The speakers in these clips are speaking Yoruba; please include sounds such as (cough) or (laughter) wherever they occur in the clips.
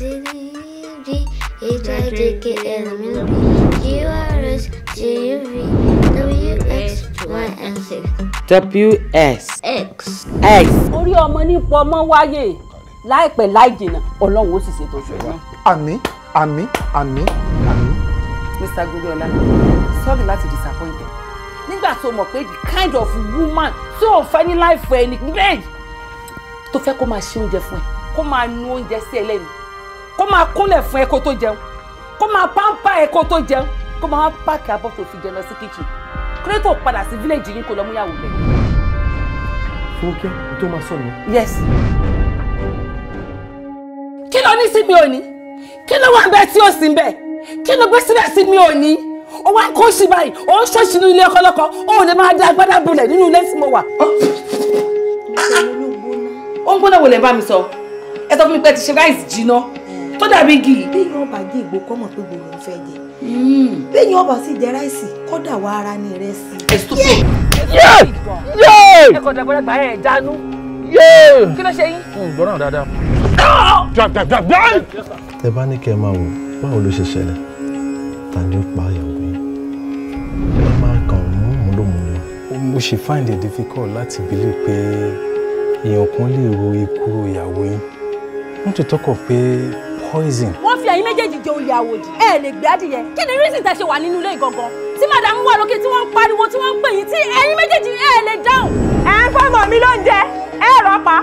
CDD, HIJKLMNP, QRS, JUV, WX, Y and Z. WS. X. X. Orí ọmọ ní pọmọ wáyé láìpẹ́ láì jìnnà ọlọ́run ó sì ṣètò ìṣòro. Àmín àmín àmín àmín. Mr. Goriola, sorry láti disappoint ẹ. Nígbà tó mọ̀ pé the kind of woman tí ò fẹ́ ní láìfọ ẹni bẹ́ẹ̀ tó fẹ́ kó máa ṣe oúnjẹ fún ẹ kó máa nu oúnjẹ sí ẹ lẹ́nu kó máa kúnlẹ̀ fún ẹ kó tó jẹun kó máa pàmpá ẹ kó tó jẹun kó máa pààkì abọ́ tó fi jẹun lọ sí kíchìn kúrẹ́tò padà sí fílẹ̀jì yín kó lọ múyàwó rẹ̀. fúnkẹ́ tó máa sọ ni. yes. kí ló ní sí mi ò ní kí ló wà bẹ́ẹ̀ tí ó sì ń bẹ̀ kí ló gbé síbẹ̀ sí mi ò ní ó wá ń kó sí báyìí ó ń ṣọ́ọ̀ṣì nínú ilé ọkọlọ́kọ ó ò lè máa dá agbádá bulẹ̀ nínú ilé tí mo wà. ó ń gbóná wo lè bá mi sọ ẹ sọ fún mi pé ti ṣe ráìsì jiná tó dàbí igi. béèyàn ọba gé ìgbò kọ́mọ̀ tó gbòòrò ń fẹ́ jẹ béèyàn hmm. ọba sì jẹ ráìsì kódà wà ara ní ìrẹsì. ẹ sọ́kò. yéé yéé. ẹ kò dàgbọ́dọ̀ gbà ẹ̀ jánu. yéé. kí ló ṣe yín. gbọ́dọ̀ dáadáa. drag ah! drag drag drag. ẹ bá ní kẹ́ ẹ máa wò báwo ló ṣe ṣẹlẹ̀ ta ni ó pa ìyàwó yín ẹ máa kàn mú múlòmúlò. mo ṣe find it difficult láti believe pé èèyàn kan lè ro ikú ìyàwó yín wọ́n ti tọ́kọ̀ pé poison. wọ́n fi ẹ̀yin méjèèjì jẹ olè àwòdì ẹ lè gbé adìyẹ kí ni reason tẹ ṣe wà nínú ilé ìgangan tí madam wà lókè tí wọ́n ń pariwo tí wọ́n ń pè yín tí ẹ̀yin méjèèjì ẹ lè dáhùn. ẹ ń fẹ́ mọ̀ mi lóúnjẹ ẹ rọ pa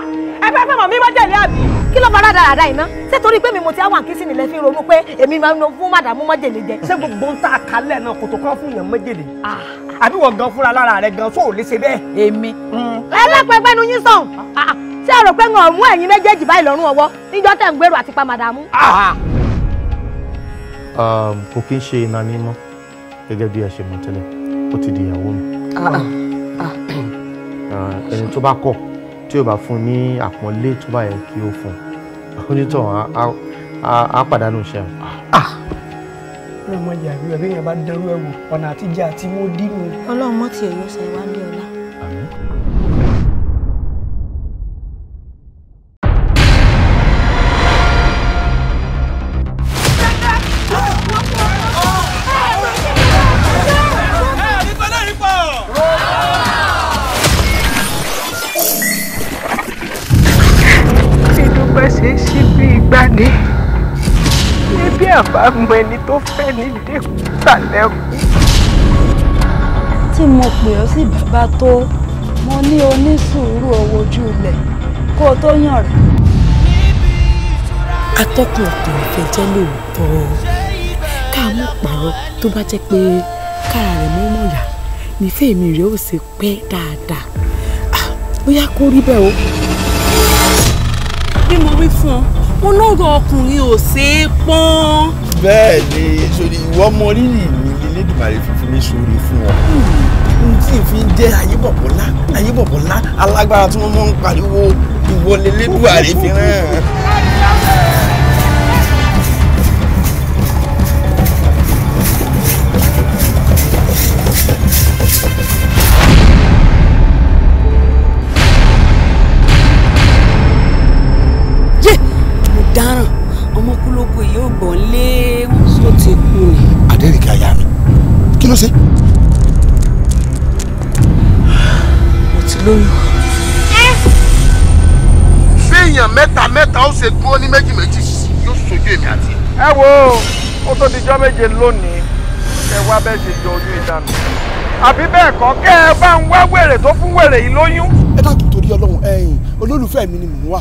ẹ fẹ́ fẹ́ mọ̀ mi mọ́ jẹ̀lé àbí. kí ló fara dáradára iná ṣé torí pé mi mo ti àwọn àkíyèsí nílẹ̀ fi ronú pé èmi máa ń fún madam mọ́jèlé jẹ. ṣé gbogbo ń ta àkálẹ̀ náà kò tó kán fún yàn mọ́jèlé. Ah. àbí wọ́n gan fúnra lára rẹ̀ gan sóò lè ṣe bẹ́ẹ̀. èmi. Hmm. ẹlẹ́pẹ̀gbẹ́nu yín sàn. Ah, ah ṣé ẹ rò pé wọn ò mú ẹ̀yin méjèèjì báyìí lọ́rùn ọwọ́ níjọ́ tẹ̀ ń gbèrò àti pa màdàmú. kò kí n ṣe iná ní mọ́ gẹ́gẹ́ bí ẹ ṣe mọ̀ tẹ́lẹ̀ ó ti di ìyàwó mi. Ah, ah, ah. ẹni tó bá kọ̀ tí ò bá fún ní àpọ́nlé tó bá yẹ kí ó fún un onítọ̀ á pàdánù iṣẹ́ wọn ọlọ́mọ ìyàwó ẹ̀rí yẹn bá dẹrú ẹ̀wò ọ̀nà àtijọ́ àti mọ́dínú. ọlọ́mọ tiẹ̀ yóò ṣe wá ní ọ̀la. mọ ẹni tó fẹ́ nílé ìsàlẹ̀ kù. tí mo pè ọ́ sí bàbá tó mo ní onísùúrù owó ojú ilẹ̀ kó o tó yàn rẹ̀. atọ́kùn ọ̀tọ̀ ìfẹ́ jẹ́ lóòótọ́ ká mú pààrọ̀ tó bá jẹ́ pé kára rẹ̀ mọ́ mọ̀ yá nífẹ̀ẹ́ mi rẹ̀ ó sì pẹ́ dáadáa bóyá kó rí bẹ́ẹ̀ o. bí mo wí fún ọ mo lọ́rọ̀ ọkùnrin ò ṣeé pọ́n bẹ́ẹ̀ ni sori ìwọ ọmọ rírì mi fífún mi sóore fún ọ n tí n fi jẹ́ ayébọ̀bọ̀lá ayébọ̀bọ̀lá alágbára tí wọ́n mọ̀ ń pariwo ìwọ lélẹ́dùnmáre fi hàn. dúró ní méjì méjì yóò sojú èmi àti. ẹ wo ó tó dijọ́ méje lónìí ẹ wá bẹ́ẹ̀ ṣe jọ oyún ìdánù àbí bẹ́ẹ̀ kọ́ kẹ́ ẹ bá ń wá wèrè tó fún wèrè yìí lóyún. ẹ dákun torí Ọlọ́run ẹ̀yin olólùfẹ́ mi ni mò ń wà.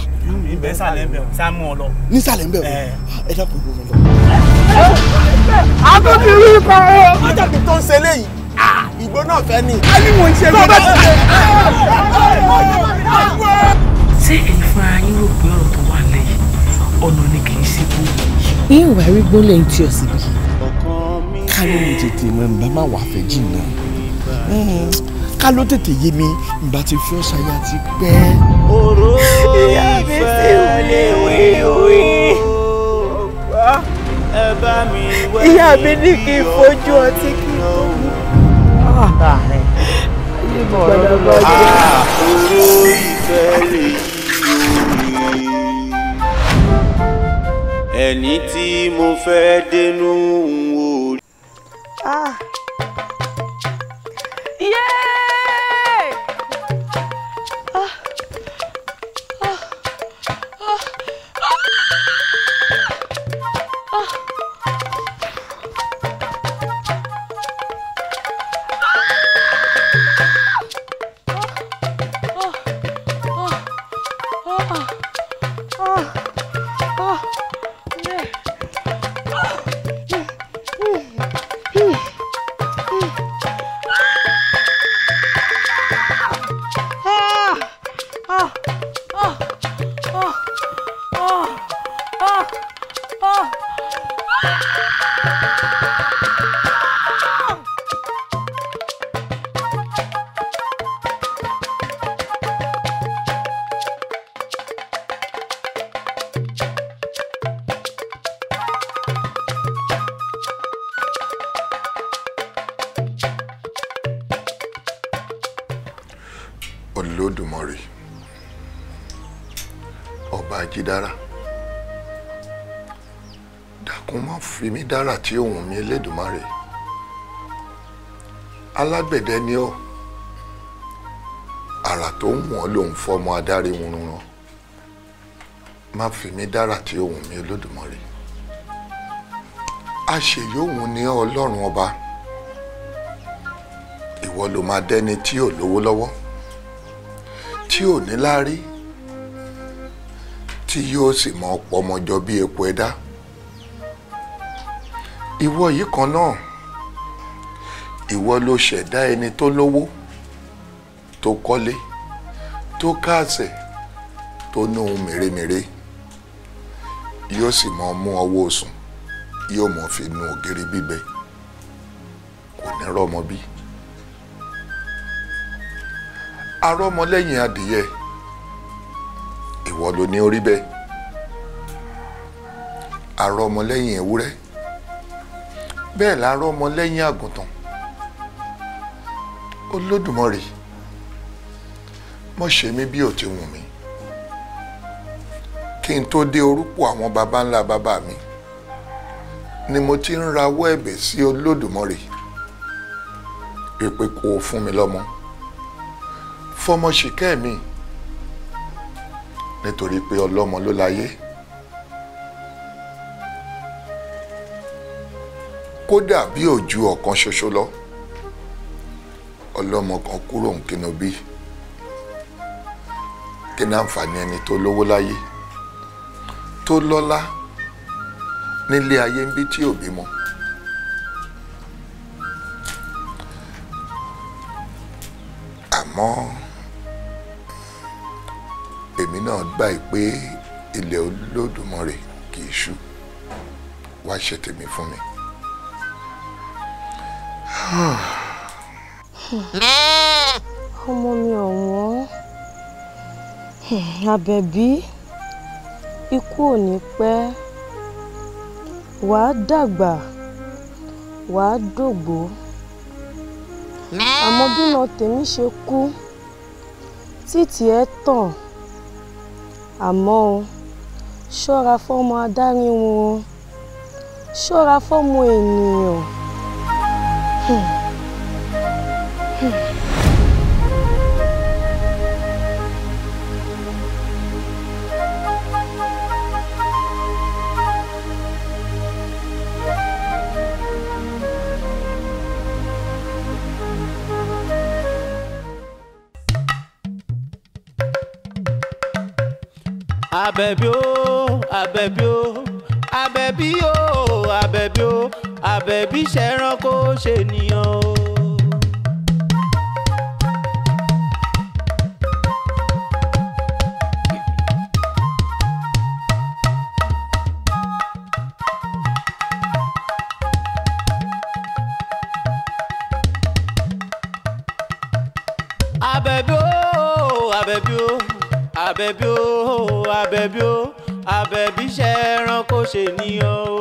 ibẹ̀ sàlẹ̀ ń bẹ̀ wọ́n sáà ọ lọ. ní sàlẹ̀ ń bẹ̀ wọ́n ẹ dákun ìlú mi lọ. àtọ́ ti rí ipa ẹ. májàpín tó ń ṣe léyìí ìgbó náà fẹ́ ni. a ní mò ń ṣe gbọ́dọ̀. ṣé ẹ̀yin fúnra yín rò pé ọ̀rọ̀ tó ọ̀nà ni kì í ṣe kú. ìyẹn wà rí gbólẹ̀ ń tí ọ síbi. ká ló lè tètè mọ nbà má wà fẹ́ jìnnà hmm, ká ló tètè yé mi nbà ti fi ọ̀sà ya ti pẹ́. òró ìyá mi ti wọlé wíwí. ìyá mi ní kí n fojú ọtí kí n tó mú. ayé ah, mi gbọdọ̀ gbọdọ̀. òró ìfẹ́ lè yí. ẹni tí mo fẹ́ dénú ń wò ah, ọba àjídára dákun má fi mí dára tí ohùn mi Elédùmarè alágbẹ̀dẹ ni ọ́ àrà tó ń wọ̀n lòun fọmọ adarí wurun rán má fi mí dára tí ohùn mi Olódùmarè àṣeyóhun ni Ọlọ́run ọba ìwọ ló máa dẹni tí ò lówó lọ́wọ́ tí ò ní láárí tí yóò sì mọ pọmọjọ bí epo ẹ̀dá ìwọ yìí kan náà ìwọ ló ṣẹ̀dá ẹni tó lówó tó kọ́lé tó káàsẹ̀ tó ní ohun mèremère yóò sì mọ mú ọwọ́ sùn yóò mọ fi nu ògiri gbígbẹ kò ní rọmọ bí arọmọlẹ́yìn adìyẹ ìwọ ló ní orí bẹ́ẹ̀ àrọ ọmọlẹ́yìn ewúrẹ́ bẹ́ẹ̀ làárọ ọmọlẹ́yìn àgùntàn olódùmarè mọ̀ ṣe mí bí ò ti wù mí kí n tó dé orúkọ àwọn baba ńlá bàbá mi ni mo ti ń rawọ́ ẹ̀bẹ̀ sí olódùmarè èpè kò fún mi lọ́mọ fọmọ ṣìkẹ́ mi nítorí pé ọlọ́mọ ló láyé kódà bí ò ju ọ̀kan ṣoṣo lọ ọlọ́mọ kan kúrò ń kinu bí kí àǹfààní ẹni tó lówó láyé tó lọ́lá nílé ayé ń bí tí ò bímọ. àmọ́ èmi náà gbà pé ilẹ̀ Olódùmarè kì í ṣú wá ṣe tèmi fún mi. ọmọ mi ọ̀wọ́n àbẹ̀bí ikú ò ní pẹ́ wàá dàgbà wàá dògbò àmọ́ bí náà tèmi ṣe kú títí ẹ̀ tàn àmọ́ o ṣọ́ra fọ́mọ adáríhun o ṣọ́ra fọ́mọ ènìyàn. Hmm. Àbẹ̀bí o Àbẹ̀bí o Àbẹ̀bí o Àbẹ̀bí o Àbẹ̀bí ṣẹranko ṣènìyàn o. ṣe ni ó.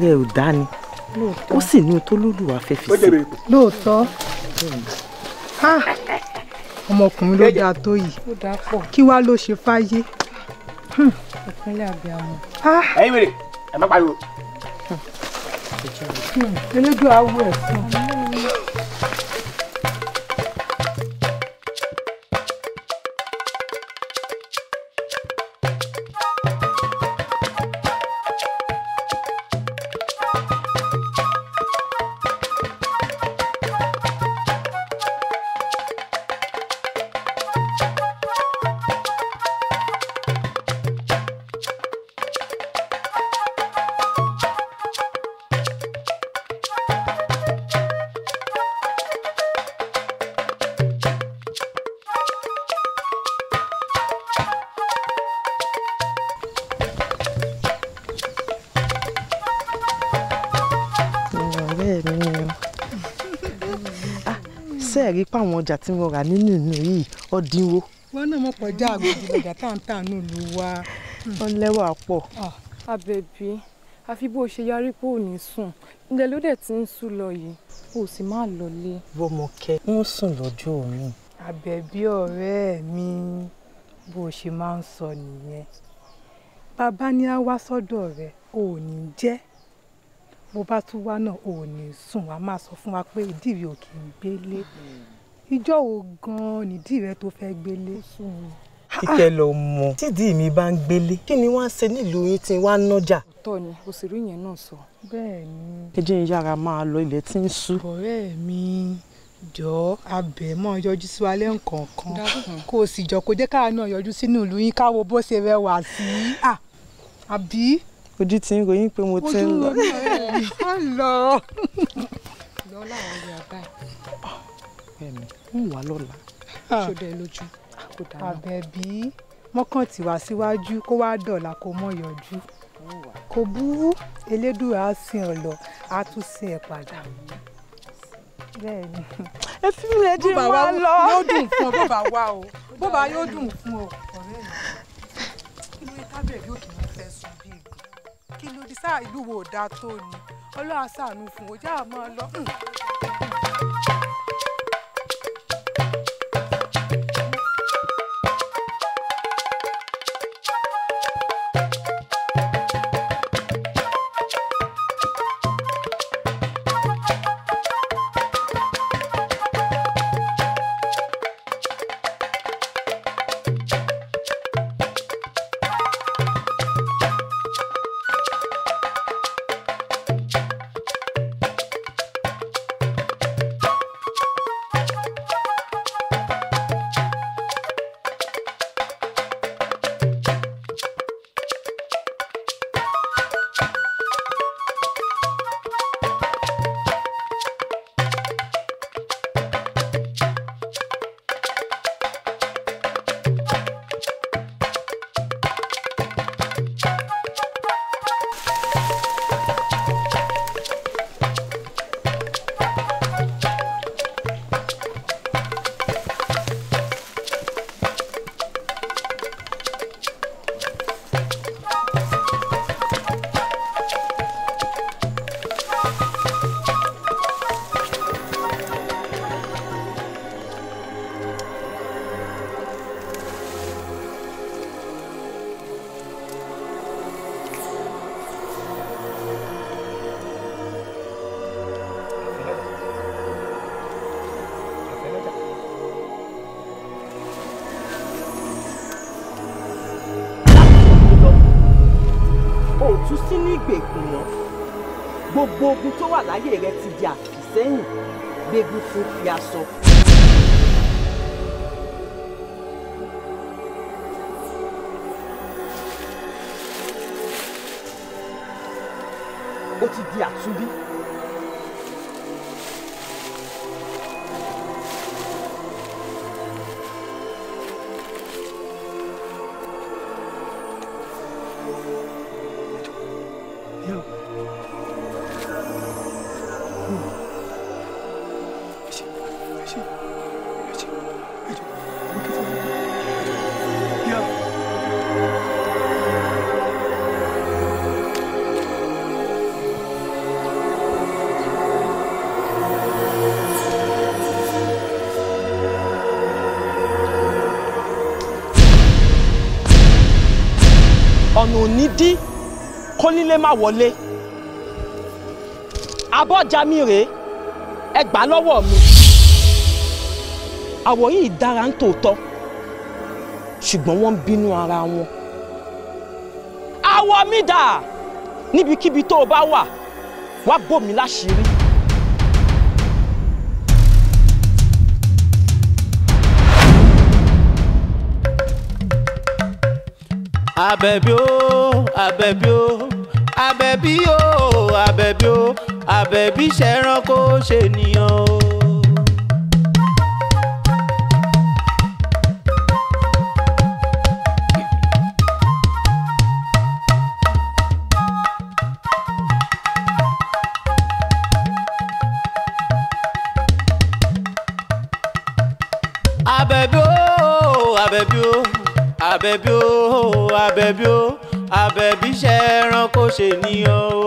ara ẹ̀ ò dá ni ó sì ní tó lólùwà fẹ́ fi sí. lóòótọ́ ọmọkùnrin ló dáa tó yìí kí wàá ló ṣe fáyé. Hmm. ìpínlẹ̀ abiyamọ. ẹ̀yin wèrè ẹ má pariwo. Hmm. elédùn awo ẹ̀ fún un. rí pé àwọn ọjà tí mo rà nínú ìlú yìí ọ̀dínwó. wọn náà mọ̀ kọjá àgbègbè ọjà tá à ń tà ní ìlú wa. (laughs) wọn lẹ́wà pọ̀. àbẹ̀bí àfi bó ṣe yarí pé ò ní sùn ilẹ̀ ló dẹ̀ ti ń sùn lọ yìí kò sì máa lọlé. bọ́mọkẹ́ ń sùn lọ́jọ́ mi. àbẹ̀bí ọ̀rẹ́ mi bó ṣe máa ń sọ nìyẹn bàbá ni a wá sọ́dọ̀ rẹ̀ ò ní jẹ́ bó bá tún wá náà ò ní sùn wá máa sọ fún wa pé ìdí rẹ ò kì í gbélé hmm. ìjọ wo gan-an nìdí rẹ tó fẹ́ gbélé. kíkẹ́ lọ mọ tídì mi bá ń gbélé kí ni wọ́n á ṣe nílùú yín tí wọ́n á nájà. ọ̀tọ̀ ni òṣèré yẹn náà sọ. bẹ́ẹ̀ ni. ẹ jẹ́ yára máa lọ ilẹ̀ tí ń ṣú. ọ̀rẹ́ mi jọ abẹ mọ yọjú sí wa lẹ́ǹkọ̀ọ̀kan kó o sì jọ kó jẹ́ káà náà yọjú sínú ìlú yín káwo bó ṣe rẹwà sí àbí ojú ti ń ròyìn pé mo ti ń lọ. ojú ò lọ lọ láwọn ọyọ àbá ẹ ń wà lọ́la ah. ṣòdẹ lójú kò dáná. àbẹ̀bí mọ́kàn tí wá síwájú kó wá dọ̀la kó mọ̀ yọjú kò burú elédùn á sin ọ̀lọ́ á tún sin ẹ̀ padà bẹ́ẹ̀ni ẹ fi mi lè jí wá lọ. yóò dùn fún ọ bó bá wá o bó bá yóò dùn fún ọ ọ̀rẹ́ mi kí ló yẹ kábẹ̀rẹ̀ yóò kí n kí ló dé sáà ìlú wo ò dáa tó ni ọlọ́run aṣàánú fún ojú àmọ́ lọ. ti di àtúnbí. wọlé má wọlé abọ́jà mi rèé ẹ gbà lọ́wọ́ mi àwọ̀ yìí dára ń tòótọ́ ṣùgbọ́n wọ́n ń bínú ara wọn àwọ̀ mi dà níbikíbi tó o bá wà wá bò láṣìírí. Àbẹ̀bí o Àbẹ̀bí o àbẹ̀bí o àbẹ̀bí o àbẹ̀bí ṣẹranko ṣènìyàn o. àbẹ̀bí o àbẹ̀bí o àbẹ̀bí o àbẹ̀bí o àbẹ̀bí ṣe ẹranko ṣe nìyàn o.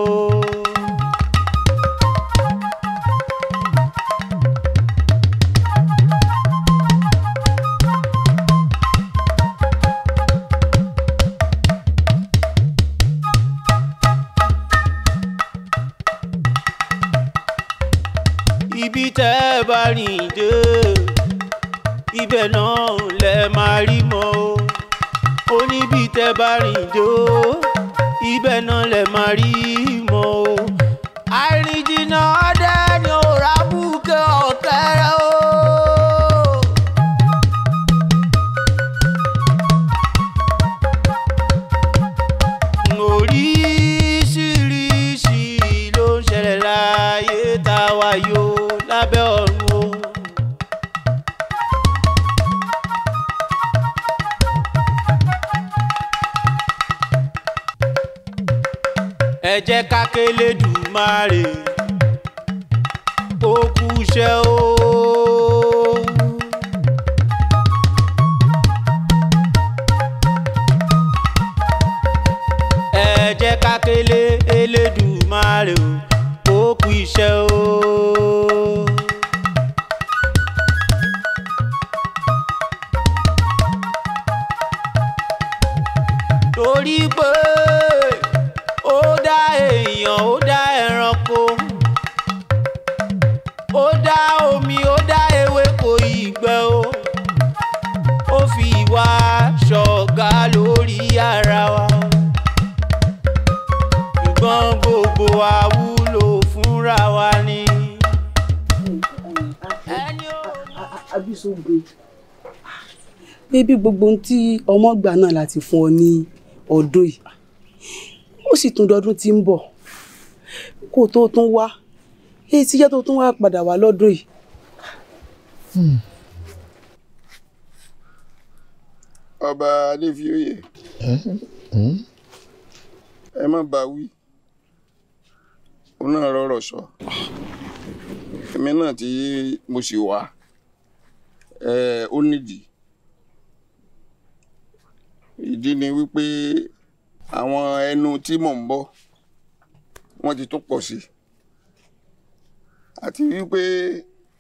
ibi tẹ́ ẹ bá rìn dé ibẹ̀ náà lẹ máa rí mọ́ o ó níbi tẹ́ bá rìn dé o. show. pé bí gbogbo ohun tí ọmọ gbà náà láti fún ọ ní ọdún yìí ó sì tún dọdún tí ń bọ̀ kó tó tún wá èyí tí jẹ́ tó tún wá padà wá lọ́dún yìí. Hmm. ọba adéfioyè hmm, hmm. ẹ má bá wí òun náà rọrọ sọ èmi náà tí mo sì wá ó nídìí ìdí ni wípé àwọn ẹnu tí mò ń bọ́ wọ́n ti tó pọ̀ sí àti wípé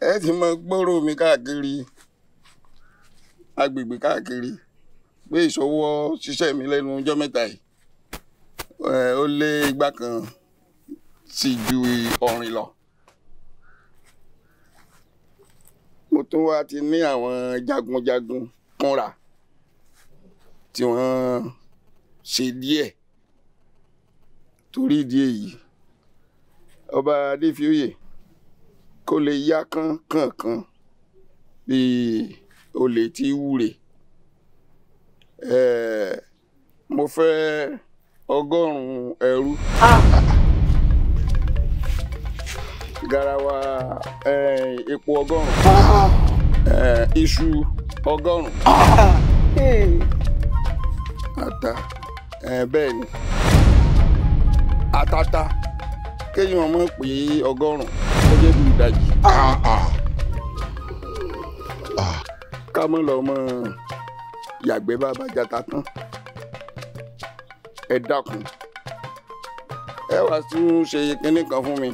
ẹ ti mọ gbọ́rọ̀ mi káàkiri agbègbè káàkiri pé ìṣọwọ́ ṣiṣẹ́ mi lẹ́nu ọjọ́ mẹ́ta yìí ó lé igba kan sí ju ọ̀rìn lọ. mo tún wá ti ní àwọn jagunjagun kúnra tí wọ́n ṣe díẹ̀ torí ìdí èyí ọba adéfioyè kó lè yá kánkànkan bíi olè tí wúre ẹ̀ẹ́ mo fẹ́ ọgọ́rùn ẹrú. (laughs) garawa epo ọgọ́rùn iṣu ọgọ́rùn (laughs) ata ẹ bẹ́ẹ̀ ni atata kéyìn ọmọ pé ọgọ́rùn ó jẹ́ bí ìdajì. Ah, ah. Ah. ká mọ́ lọ mọ́ yàgbẹ́ bàbá jata tán ẹ dákun ẹ wá tún ṣe kinní kan fún mi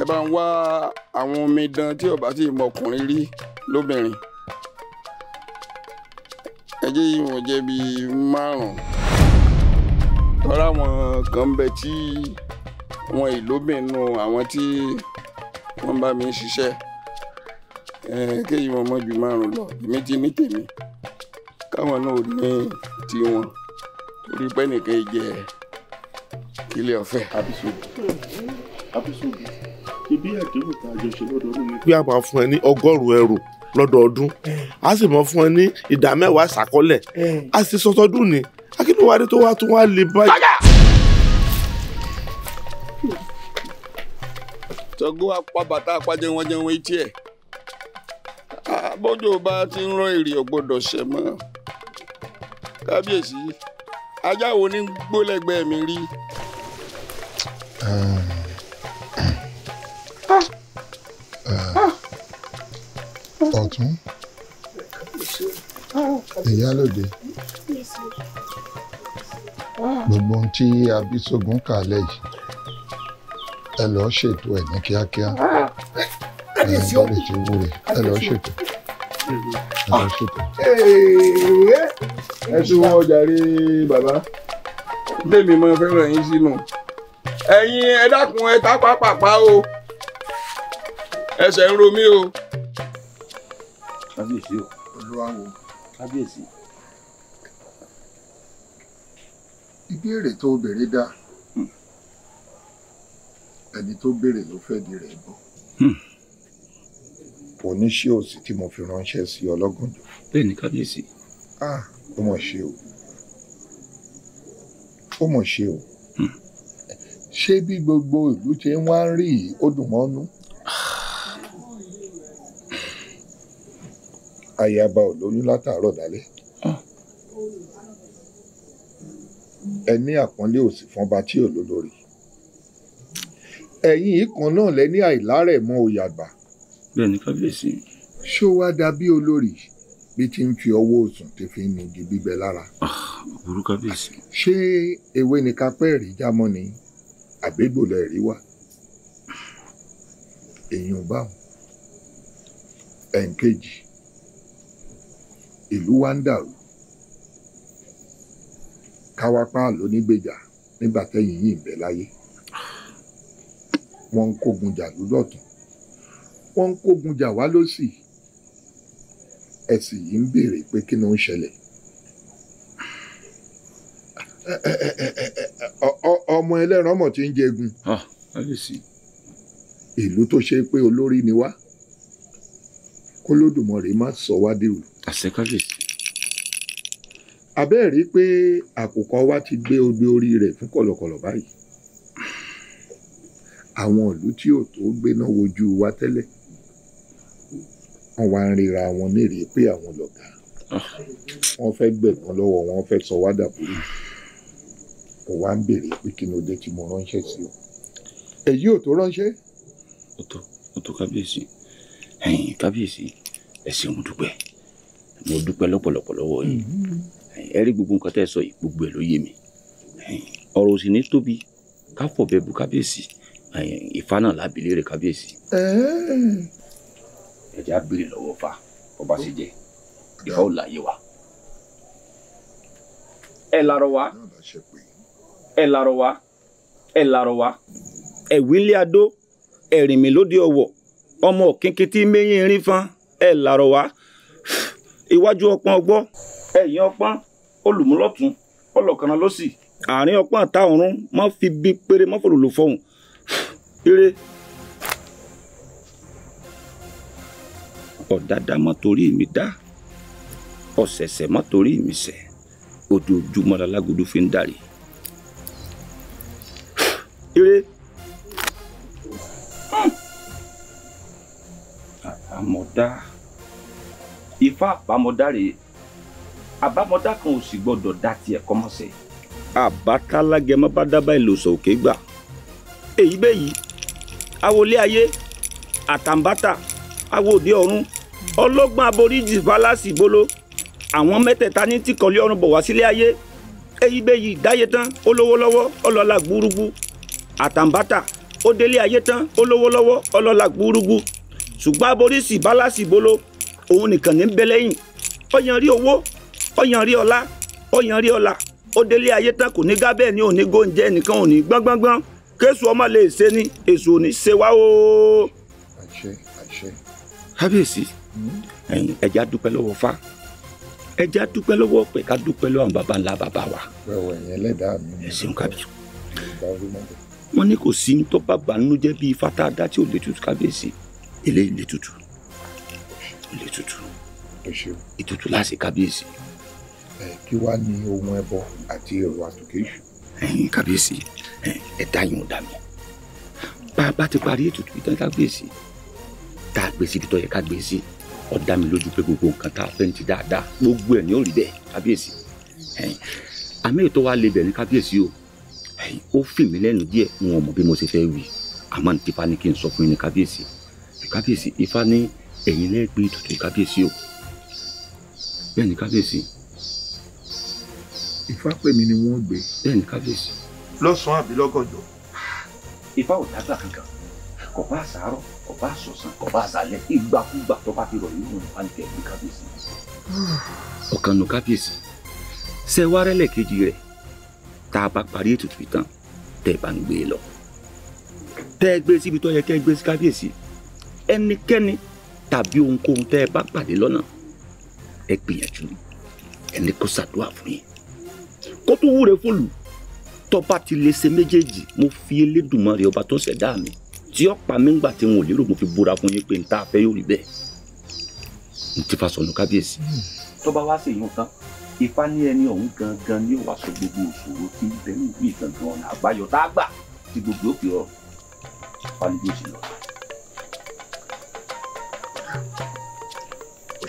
ẹ bá ń wá àwọn omidan tí ó sì mọkùnrin rí lóbìnrin ẹjẹ́ yìí wọ́n jẹ́ bíi márùn-ún tọ́ra kan ń bẹ tí wọn ìlóbìnú àwọn tí wọ́n bá mi ṣiṣẹ́ kéyìí wọn mọ̀ ju márùn lọ èmi ti ní tèmi káwọn náà ní tiwọn torí pé nìkan ìjẹ kílẹ̀ ọ̀fẹ́. a jọ ṣe lọ́dọọdún bí a máa fún ẹ ní ọgọ́rùn-ún ẹrù lọ́dọọdún a sì mọ fún ẹ ní ìdá mẹ́wàá ìsàkọ́lẹ̀ a sì sọtọdún ni akínúwádé tó wá tún wá lè báyìí. Ṣàngó apá bàtà apájẹun jẹun etí ẹ̀ bójú bá ti ń rán èrè ọ̀gbọ́dọ̀ ṣẹ̀ mọ́ kábíyèsí ajá wo ni gbólẹ́gbẹ́ mi rí. ọ̀tún ìyálòde gbogbo ohun tí abisogun kàlẹ̀ yìí ẹ lọ́ọ́ ṣètò ẹ̀ ní kíákíá ah, ẹ bọ́lẹ̀ tí wúre ẹ lọ́ọ́ ṣètò ẹ lọ́ọ́ ṣètò. ẹ tún wọn ọjà rí bàbá bẹ́ẹ̀ni mo fẹ́ràn yín sínú ẹ̀yin ẹ dákun ẹ tá pàápàá o ẹsẹ̀ ń ro mí o kábíyèsí o. olúwawo. kábíyèsí. ìbéèrè tó béèrè dá hmm. ẹni tó béèrè ló fẹ́ di rẹ̀ bọ̀. Hmm. kò ní ṣe òsì tí mo fi ránṣẹ́ sí ọlọ́gànjọ́. bẹ́ẹ̀ ni kábíyèsí. ah ó mọ̀ ṣe o ó mọ̀ ṣe o hmm. ṣé bí gbogbo ìlú ṣe ń wá rí yìí ó dùn mọ́nú. ayaba ò lóyún látàárọ̀ dálẹ́ ah. ẹ ní àpọ́nlé òsì fún ọba tí ò lólórí ẹ̀yin ìkan náà lẹ ní àìlárẹ̀ mọ́ oyè àgbà. bẹ́ẹ̀ ni kábíyèsí. ṣó wáá dàbí olórí bí ti ń fi ọwọ́ òsùn ti fi ń nu di gbígbẹ lára. Ah, burú kábíyèsí. ṣé ewé ni kápẹ́ rí jámọ́ ni àgbégbòlẹ̀ rí wà èèyàn báwọn ẹ̀ǹkejì. ìlú wa ń dàrú káwápá lónígbèjà nígbà tẹ́yìn yìí ń bẹ láyé wọ́n ń kógun jà lọ́tún wọ́n ń kógun jà wá lọ́sì ẹ yìí ń béèrè pé kí ló ń ṣẹlẹ̀ ọmọ ẹlẹ́ran mọ̀ tí ń jẹgun ìlú tó ṣe pé olórí ni wá kólódùmarè má sọ wá dèrò àṣẹ kábíyèsí. abẹ́ẹ̀ rí i pé àkùkọ wa ti gbé ogbe orí rẹ̀ fún kọ̀lọ̀kọ̀lọ̀ báyìí àwọn ìlú tí ò tó gbéná wojú wa tẹ́lẹ̀ wọ́n wá ń ríra wọn nírèé pé àwọn lọ̀gá ah. wọ́n fẹ́ gbẹ̀gbọ́n lọ́wọ́ wọn fẹ́ sọ wá dàbúrú kò wá ń béèrè pé kí ló dé tí mo ránṣẹ́ sí ọ èyí ò tó ránṣẹ́. ó tó kábíyèsí ẹ̀yin kábíyèsí ẹ ṣé mo mo dúpẹ́ lọ́pọ̀lọpọ̀ lọ́wọ́ yìí mm-hmm. ẹ rí gbogbo nǹkan tẹ́ ẹ sọ yìí gbogbo ẹ̀ ló yé mi ọ̀rọ̀ òsì ní tóbi ká fọ̀bẹ bu kábíyèsí ìfá náà lábìlẹ̀ rẹ̀ kábíyèsí. ẹ̀jẹ̀ á béèrè lọ́wọ́ fa ọba ṣe jẹ́ ìfá ò láyé wa. ẹ larọ wa ẹ larọ wa ẹ larọ wa ẹ̀wílé adó ẹ̀rìnmí lóde ọ̀wọ̀ ọmọ òkínkín tí mẹ́yìn rí fan ẹ larọ wa iwájú ọpọ́n ọgbọ́ ẹ̀yìn ọpọ́n olùmúlọ́tún ọlọ́kànnà lọ́sì àárín ọpọ́n àtà ọ̀run mọ́ fi bí péré mọ́ fòlòlò fọ̀hún eré ọ̀dàdà mọ́ torí mi dá ọ̀sẹ̀sẹ̀ mọ́ torí mi sẹ̀ ojoojúmọ́ lalágodo fi ń darí eré àmọ̀dá. Hmm ifá àbámọ̀dá rèé àbámọ̀dá kan ò sì gbọdọ̀ dá tiẹ̀ kọ́mọ̀sẹ̀. àbátálágẹmọ bá dábàá ìlòsàn òkè gbà èyí bẹ́ẹ̀ yìí awolé ayé àtàǹbátà awo òde ọ̀run ọlọ́gbọ́n aboríjì falasi bolo àwọn mẹ́tẹ̀ẹ̀ta ní tìkọ̀lé ọ̀run bọ̀ wá sílé ayé èyí bẹ́ẹ̀ yìí dáyé tán ó lówó lọ́wọ́ ọlọ́lá gbúrúgbú àtàǹbátà ó délé ayé tán ó lówó lọ́wọ́ ọlọ́lá gbúrúgbú ṣùgbọ́n aboríjì falasi bolo òun nìkan ní bẹ lẹ́yìn ọyàn rí owó ọyàn rí ọlá ọyàn rí ọlà ó délé ayé tán kò ní gá bẹ́ẹ̀ ni ò ní góúnjẹ nìkan ò ní gbọ́ngbọ́ngbọ́n kéṣù ọmọ lè ṣe ni èṣù ò ní ṣe wá o. àṣẹ àṣẹ. kábíyèsí hmm? ẹja dúpẹ́ lọ́wọ́ fá ẹja dúpẹ́ lọ́wọ́ ọ̀pẹ ká dúpẹ́ lọ́wọ́ àwọn baba ńlá baba wa. wẹ́wẹ́ yẹn lẹ́dàá mi. ẹ ṣeun kábíyèsí. wọ́n ní kò sí ní tọ́ bàbá nínú jẹ́ bíi fata adá tí ò lè tutù kábíyèsí eléyìí lè tutù ilé tútù ìtútù láti kábíyèsí. kí wàá ní ohun ẹbọ àti èrò àtòkéṣù. kábíyèsí ẹ̀dá yìí ò dá mi bá a bá ti parí ètùtù ìtàn kábíyèsí tá a gbé síbi tó yẹ ká gbé sí ó dá mi lójú pé gbogbo nǹkan tá a fẹ́ ti dáadáa gbogbo ẹ̀ ní ò rí bẹ́ẹ̀ kábíyèsí àmì ètò wa lè bẹ̀ ní kábíyèsí o ó fì mí lẹ́nu díẹ̀ n ò mọ̀ bí mo ṣe fẹ́ wí àmọ́ ní Ifá ní kí n sọ fún yín ní kábíyèsí kábíyèsí Ifá ní ẹ̀yin lẹ́gbẹ́ ètùtù kábíyèsí o bẹ́ẹ̀ ni kábíyèsí. ìfá pè mí ni wọ́n gbé. bẹ́ẹ̀ ni kábíyèsí. lọ́sàn-án àbí lọ́gànjọ́. ìfá ò dágbà kankan kò bá àṣàárọ̀ kò bá àṣọ̀sán kò bá àṣàlẹ̀ ìgbàkúgbà tó bá fi rọ̀ yìí wọn wà ní kábíyèsí. ọ̀kan nù kábíyèsí ṣe wá kejì rẹ̀ tá a bá parí ètùtù ìtàn tẹ́ ẹ bá ń gbé e lọ tẹ́ ẹ gbé e síbi tó yẹ kẹ́ ẹ gbé sí kábíyèsí ẹnikẹ́ni tàbí ohunkóhun tẹ́ ẹ bá pàdé lọ́nà ẹ gbìyànjú ẹni kó ṣàdúrà fún yín kó tó wúre fòlù tọ́ba ti lè ṣe méjèèjì mo fi Elédùmarè ọba tó ṣẹ̀dá mi tí ó pa mí ńgbà tí n ò lérò mo fi búra fún yín pé n tá a fẹ́ yóò rí bẹ́ẹ̀ n ti fa sọnù kábíyèsí. tọ́ba wá sí ìyún ifá ní ẹni ọ̀hún gangan ni ó wàá sọ gbogbo òṣòro tí bẹ́ẹ̀ ń wí gangan ọ̀nà àbáyọ tá a gbà tí gbogbo òkè ọ̀rọ̀ wà ní bí ó ṣe lọ.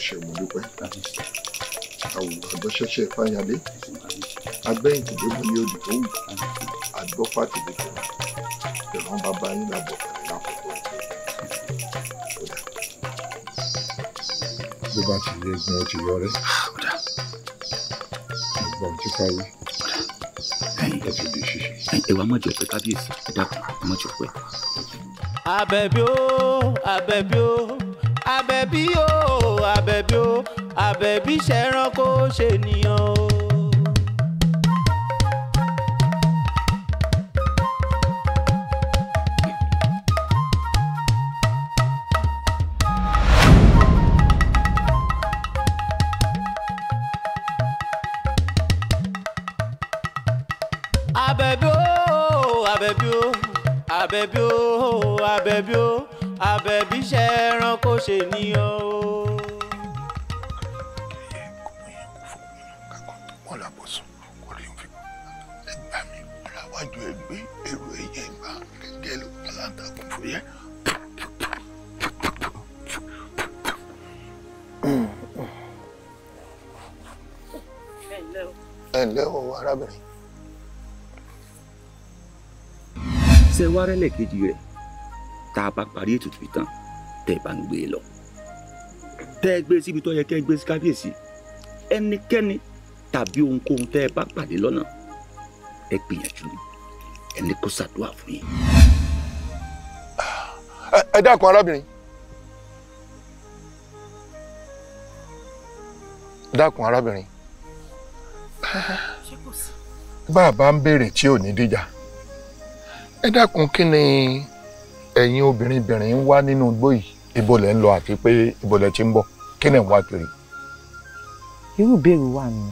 ṣe mo dúpẹ́ àwòrán àdọ́ṣẹ́ṣẹ́ fáyalé agbẹ́yìntì lébùn ní odò tó wù àgbọ́fà tèmi tó wù ìran bàbá yín làbọ̀ pẹ̀lú lákòókò bó bá ti yé gun ó ti yọ rẹ ọgbọ́n tí ká wí ẹ ti di ṣíṣe. ẹwà mọ̀jọ̀ pé kábíyèsí ẹ dákun mọ̀jọ̀ pé. Àbẹ̀bí o Àbẹ̀bí o àbẹ̀bí o àbẹ̀bí o àbẹ̀bí ṣẹranko ṣènìyàn o. Àbẹ̀bí o àbẹ̀bí o àbẹ̀bí o àbẹ̀bí o àbẹ̀bí ṣẹranko ṣe nìyẹn o. iwájú ẹgbẹ́ èrò ẹ̀yẹ ìgbà rẹ́lẹ̀ kejì rẹ̀ tá a bá parí ètùtù ìtàn tẹ́ ẹ bá ń gbé e lọ tẹ́ gbé e síbi tó yẹ kẹ́ ẹ gbé sí kábíyèsí ẹnikẹ́ni tàbí ohunkóhun tẹ́ ẹ bá pàdé lọ́nà ẹ gbìyànjú ẹni kó ṣàdúrà fún yín. ẹ dákun arábìnrin dákun arábìnrin bá a bá ń béèrè tí ò ní díjà ẹ dákun kí ni ẹ̀yin obìnrin bìnrin ń wá nínú igbó yìí ibo lẹ̀ ń lọ àti pé ibo lẹ̀ ti ń bọ̀ kí lẹ̀ ń wá kiri. irú ìbéèrè wà nù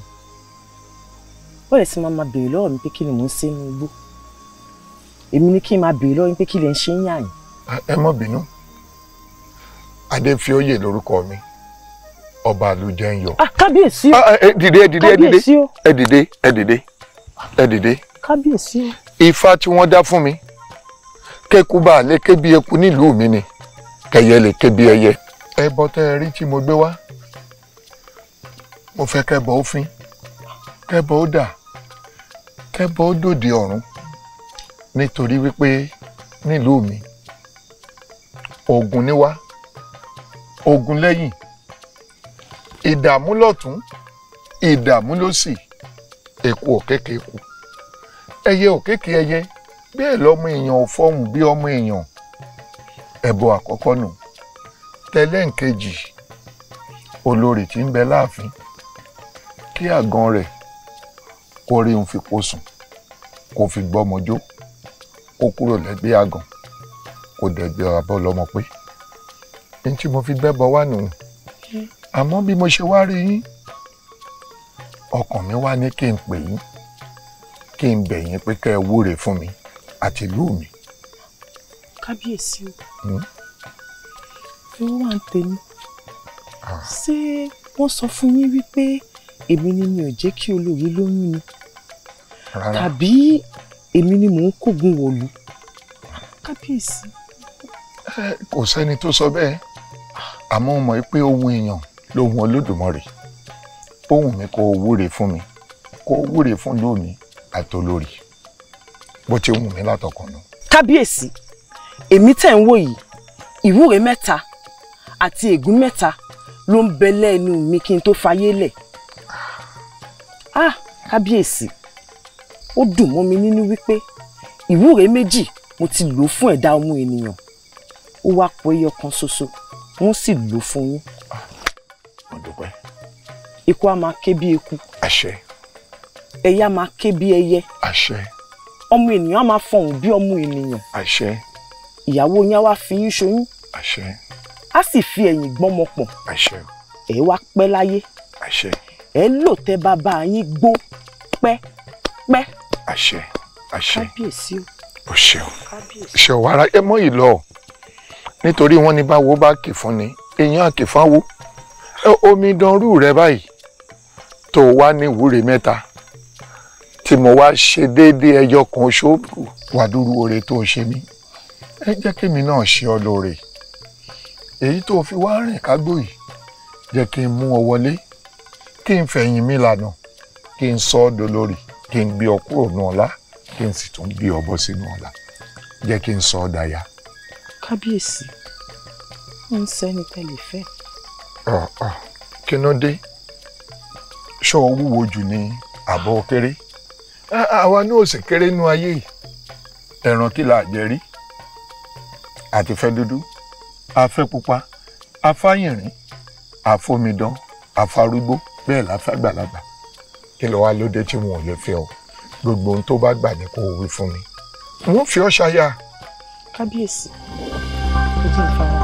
wọ́n lè ti máa máa béèrè lọ́wọ́ mi pé kí ni mò ń ṣe ní igbó èmi ni kí n máa béèrè lọ́wọ́ mi pé kí lè ń ṣe ń yàn. ẹ má bínú adéfíọ́yè lórúkọ mi ọba àlùjẹ ń yọ. Ah, kábíyèsí o ah, eh, dìde ẹ dìde ẹ dìde ẹ dìde ẹ dìde ẹ dìde. kábíyèsí o. ifá tí wọ́n dá fún mi kéku bá lè ké bí eku nílùú mi ni kẹyẹ lè ké bí ẹyẹ. ẹbọ tẹ ẹ rí tí mo gbé wá mo fẹ́ kẹbọ ó fín kẹbọ ó dà kẹbọ ó dòde ọ̀run nítorí wípé nílùú mi ogun níwá ogun lẹ́yìn ìdààmú lọ́tún ìdààmú lósì èkú òkèké èkú ẹyẹ òkèké ẹyẹ bẹ́ẹ̀ lọ́mọ èèyàn ò fọ́hùn bí ọmọ èèyàn ẹ̀bọ àkọ́kọ́ nù tẹ́lẹ̀ nkejì olórí tí ń bẹ láàfin kí àgàn rẹ̀ kó rí òun fi kó sùn kó fi gbọ́mọjó kó kúrò lẹ́gbẹ́ àgàn kó dẹ̀gbẹ́ abọ́ lọ́mọ pé ní tí mo fi bẹ́bọ wá nù àmọ́ bí mo ṣe wá rí yín ọkàn mi wá ní kí n pè yín kí n bẹ̀ yín pé kẹ́ ẹ wúre fún mi àti ìlú mi. kábíyèsí o ewu hmm? wà ń tèmi ah. ṣé wọ́n sọ fún yín wípé èmi ni mi ò jẹ́ kí olórí lóyún ni tàbí èmi ni mò ń kógun wòlú kábíyèsí. kò sẹ́ni tó sọ bẹ́ẹ̀ àmọ́ mo mọ̀ pé ohun èèyàn lóhun olódùmarè ohun mi kò wúre fún mi kò wúre fún lómi àtolórí bó ti wù mí látọkàn nù. kábíyèsí èmi tẹ̀ ń wò yìí ìwúre mẹ́ta àti ègún mẹ́ta ló ń bẹ lẹ́nu mi kí n tó fayé lẹ̀. ah kábíyèsí ó dùn mọ́ mi nínú wípé ìwúre méjì mo ti lò fún ẹ̀dá ọmọ ènìyàn ó wá pọ̀ ẹyọ kan ṣoṣo wọ́n sì lò fún yín. ikú a máa ké bí eku. àṣẹ. ẹyẹ a máa ké bí ẹyẹ ọmọ ènìyàn á máa fọhùn bí ọmọ ènìyàn. àṣẹ. ìyàwó yín á wá fi yín ṣoyún. àṣẹ. á sì fi ẹ̀yìn gbọ́mọ pọ̀. àṣẹ. ẹ wá pẹ́ láyé. àṣẹ. ẹ lò tẹ bàbá yín gbó pẹ́ pẹ́. àṣẹ àṣẹ kábíyèsí o. o ṣeun ṣeun wàrà ẹ mọ ìlọ nítorí wọn ní báwo bá kì fún ni èèyàn àkìfáwo omidanrú rẹ báyìí tó wá ní ìwúre mẹ́ta tí mo wá ṣe déédéé ẹyọ kan ṣóòbù wàdúrú oore tó ṣe mí ẹ jẹ́ kémi náà ṣe ọ lóore èyí tó fi wá rìn kágbó yìí jẹ́ kí n mú ọ wọlé kí n fẹ̀yìn mi lànà kí n sọ ọ́ dolórí kí n gbé ọ kúrò ní ọlá kí n sì tún gbé ọ bọ́ sínú ọlá jẹ́ kí n sọ ọ́ daya. kábíyèsí ń sẹ́ni tẹ́lẹ̀ fẹ́. Ah, ah. kí ló dé ṣó o wúwo jù ní àbọ̀ kéré àwa ní òsè kéré nú ayé yìí ẹran kí la jẹ rí àti fẹ́ dúdú afẹ́ pupa afáyìnrín àfọmidán àfarúgbó bẹ́ẹ̀ láfàgbàlagbà kí ló wá lóde tí wọn ò lè fẹ́ ọ gbogbo ohun tó bá gbà ní kó o wí fún mi wọn fi ọ ṣaya. kábíyèsí ojú ìfarahàn.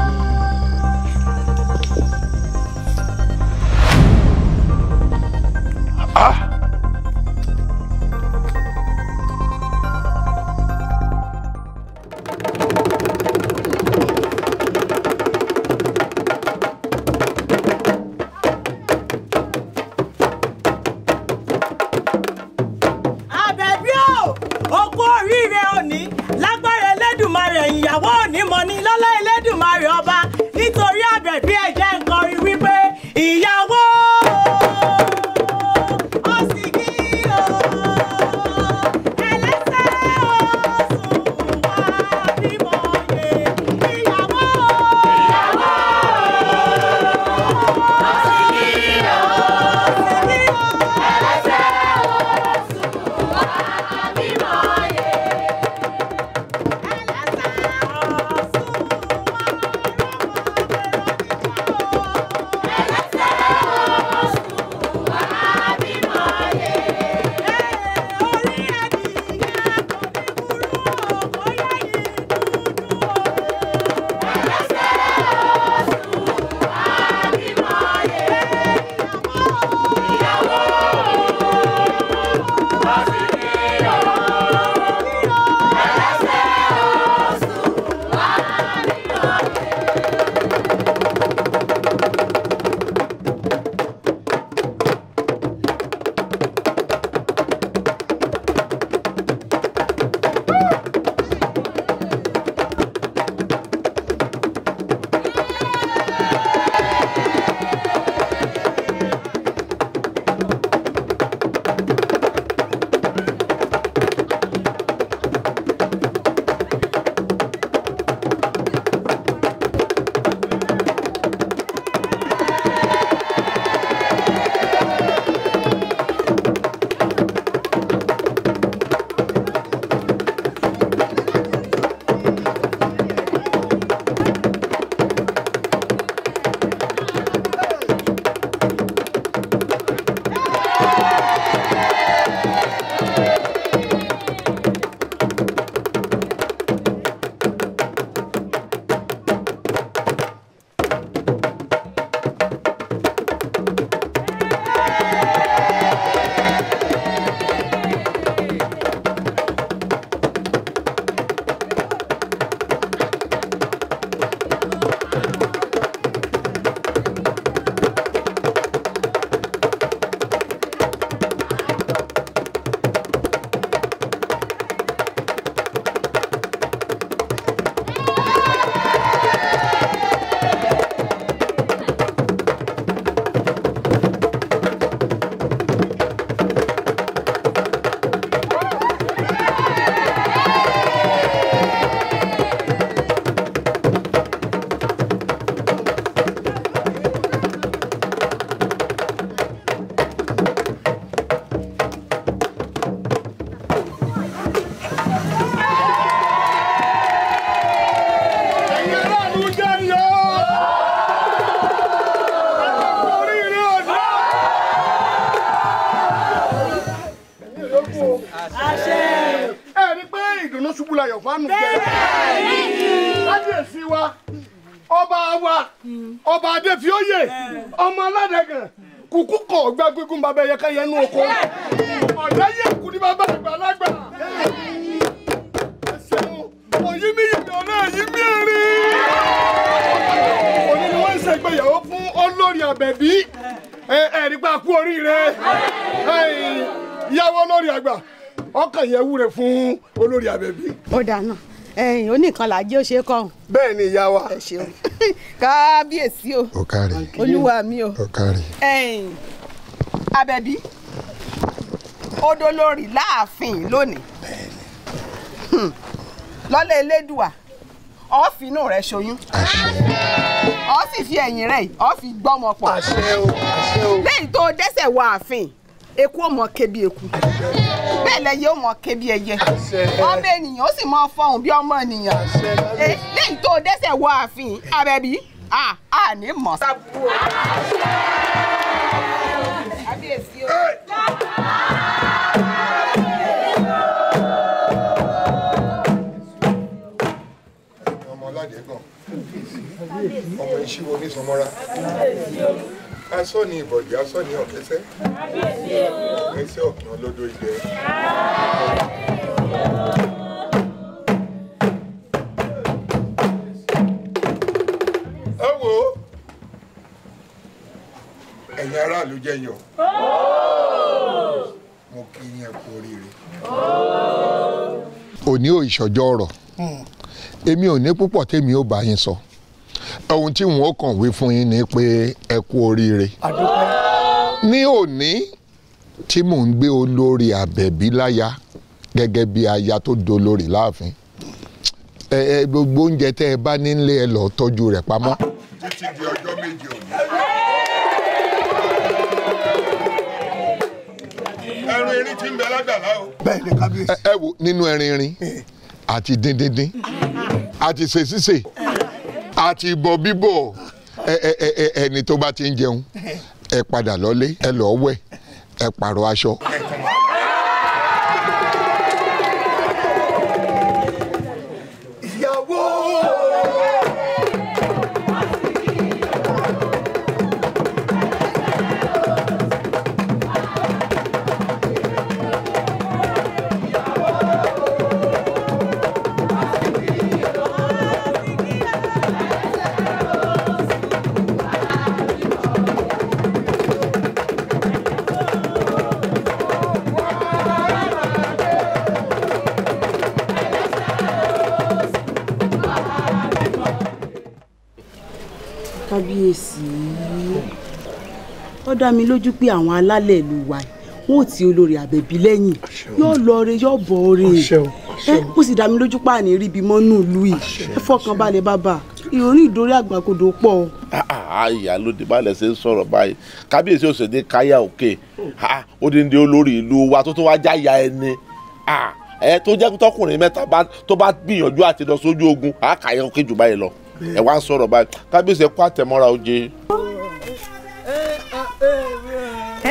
nìkan làjẹ́ ó ṣe kọ́. bẹ́ẹ̀ ni ìyá wa. ẹ ṣeun (laughs) kábíyèsí o. o káre. olúwa mi o. o káre. ẹ̀yin abẹ́bí odò lórí láàfin lónìí hmm. lọ́lẹ̀ elédùà ó fi inú rẹ̀ ṣoyún ó sì fi ẹ̀yìn rẹ̀ ó fi gbọ́mọ pọ̀ lẹ́yìn tó dẹ́sẹ̀ wọ ààfin eku ọmọ kebi eku. Àṣẹ bẹ́ẹ̀ lẹ́yẹ ó mọ ké ẹyẹ ọmọ ènìyàn ó sì mọ fọhùn bí ọmọ ènìyàn eh, lẹ́yìn tó dẹ́sẹ̀ wọ ààfin abẹ́bí a ní mọ̀. ọmọ ìṣíwọ ní sọmọra asọ́ ni ìbọ̀dì asọ́ ni ọ̀kẹ́sẹ́ ẹsẹ́ ọ̀kìn olódó ilé. ẹ wo ẹ̀yin aráàlú jẹ́yàn mo kí yín kú oríire. òní ò ìṣọjọ́ ọ̀rọ̀ hmm. èmi ò ní púpọ̀ tèmi ò bá yín sọ. So ohun tí wọn ó kàn wí fún yín ni pé ẹ kú oríire. ní òní tí mò ń gbé olórí àbẹ̀bí láya gẹ́gẹ́ bí aya tó dolórí láàfin ẹ ẹ gbogbo oúnjẹ tẹ ẹ bá nílé ẹ lọ tọ́jú rẹ̀ pamọ́. títí di ọjọ́ méje òní. ẹran erin ti ń bẹ lágbàlá o. bẹ́ẹ̀ ni kábíyèsí. ẹ wo nínú ẹran erin eh. àti díndíndín àti sèṣìṣe àti ìbọ̀ bíbọ̀ ẹni tó bá ti ń jẹun ẹ padà lọ́lé ẹ lọ́ọ́ wẹ̀ ẹ pààrọ̀ aṣọ kábíyèsí ó dá mi lójú pé àwọn alálẹ̀ ìlú wa wọn ò tí olórí àbẹ̀bí lẹ́yìn yóò lọ re yóò bọ̀ re ẹ kó sì dá mi lójú páàní rí ibi mọ́nú ìlú yìí ẹ fọkàn balẹ̀ bàbá ìròyìn ìdórí àgbàkodò pọ̀. àyà ah, ah, ah, ló dé balẹ̀ ṣe ń sọ̀rọ̀ báyìí kábíyèsí òṣèdè káyà òkè ó dín dín olórí ìlú wa tó tún wá jáyà ẹni ẹ tó jẹ́ tọkùnrin mẹ́ta tó bá gbìyànjú àti lọ sójú ogun àkàyọ̀ kejì báyìí lọ ẹ wá ń sọ̀rọ̀ báyìí kábíyèsí ẹ kó àtẹ̀mọ́ra oje.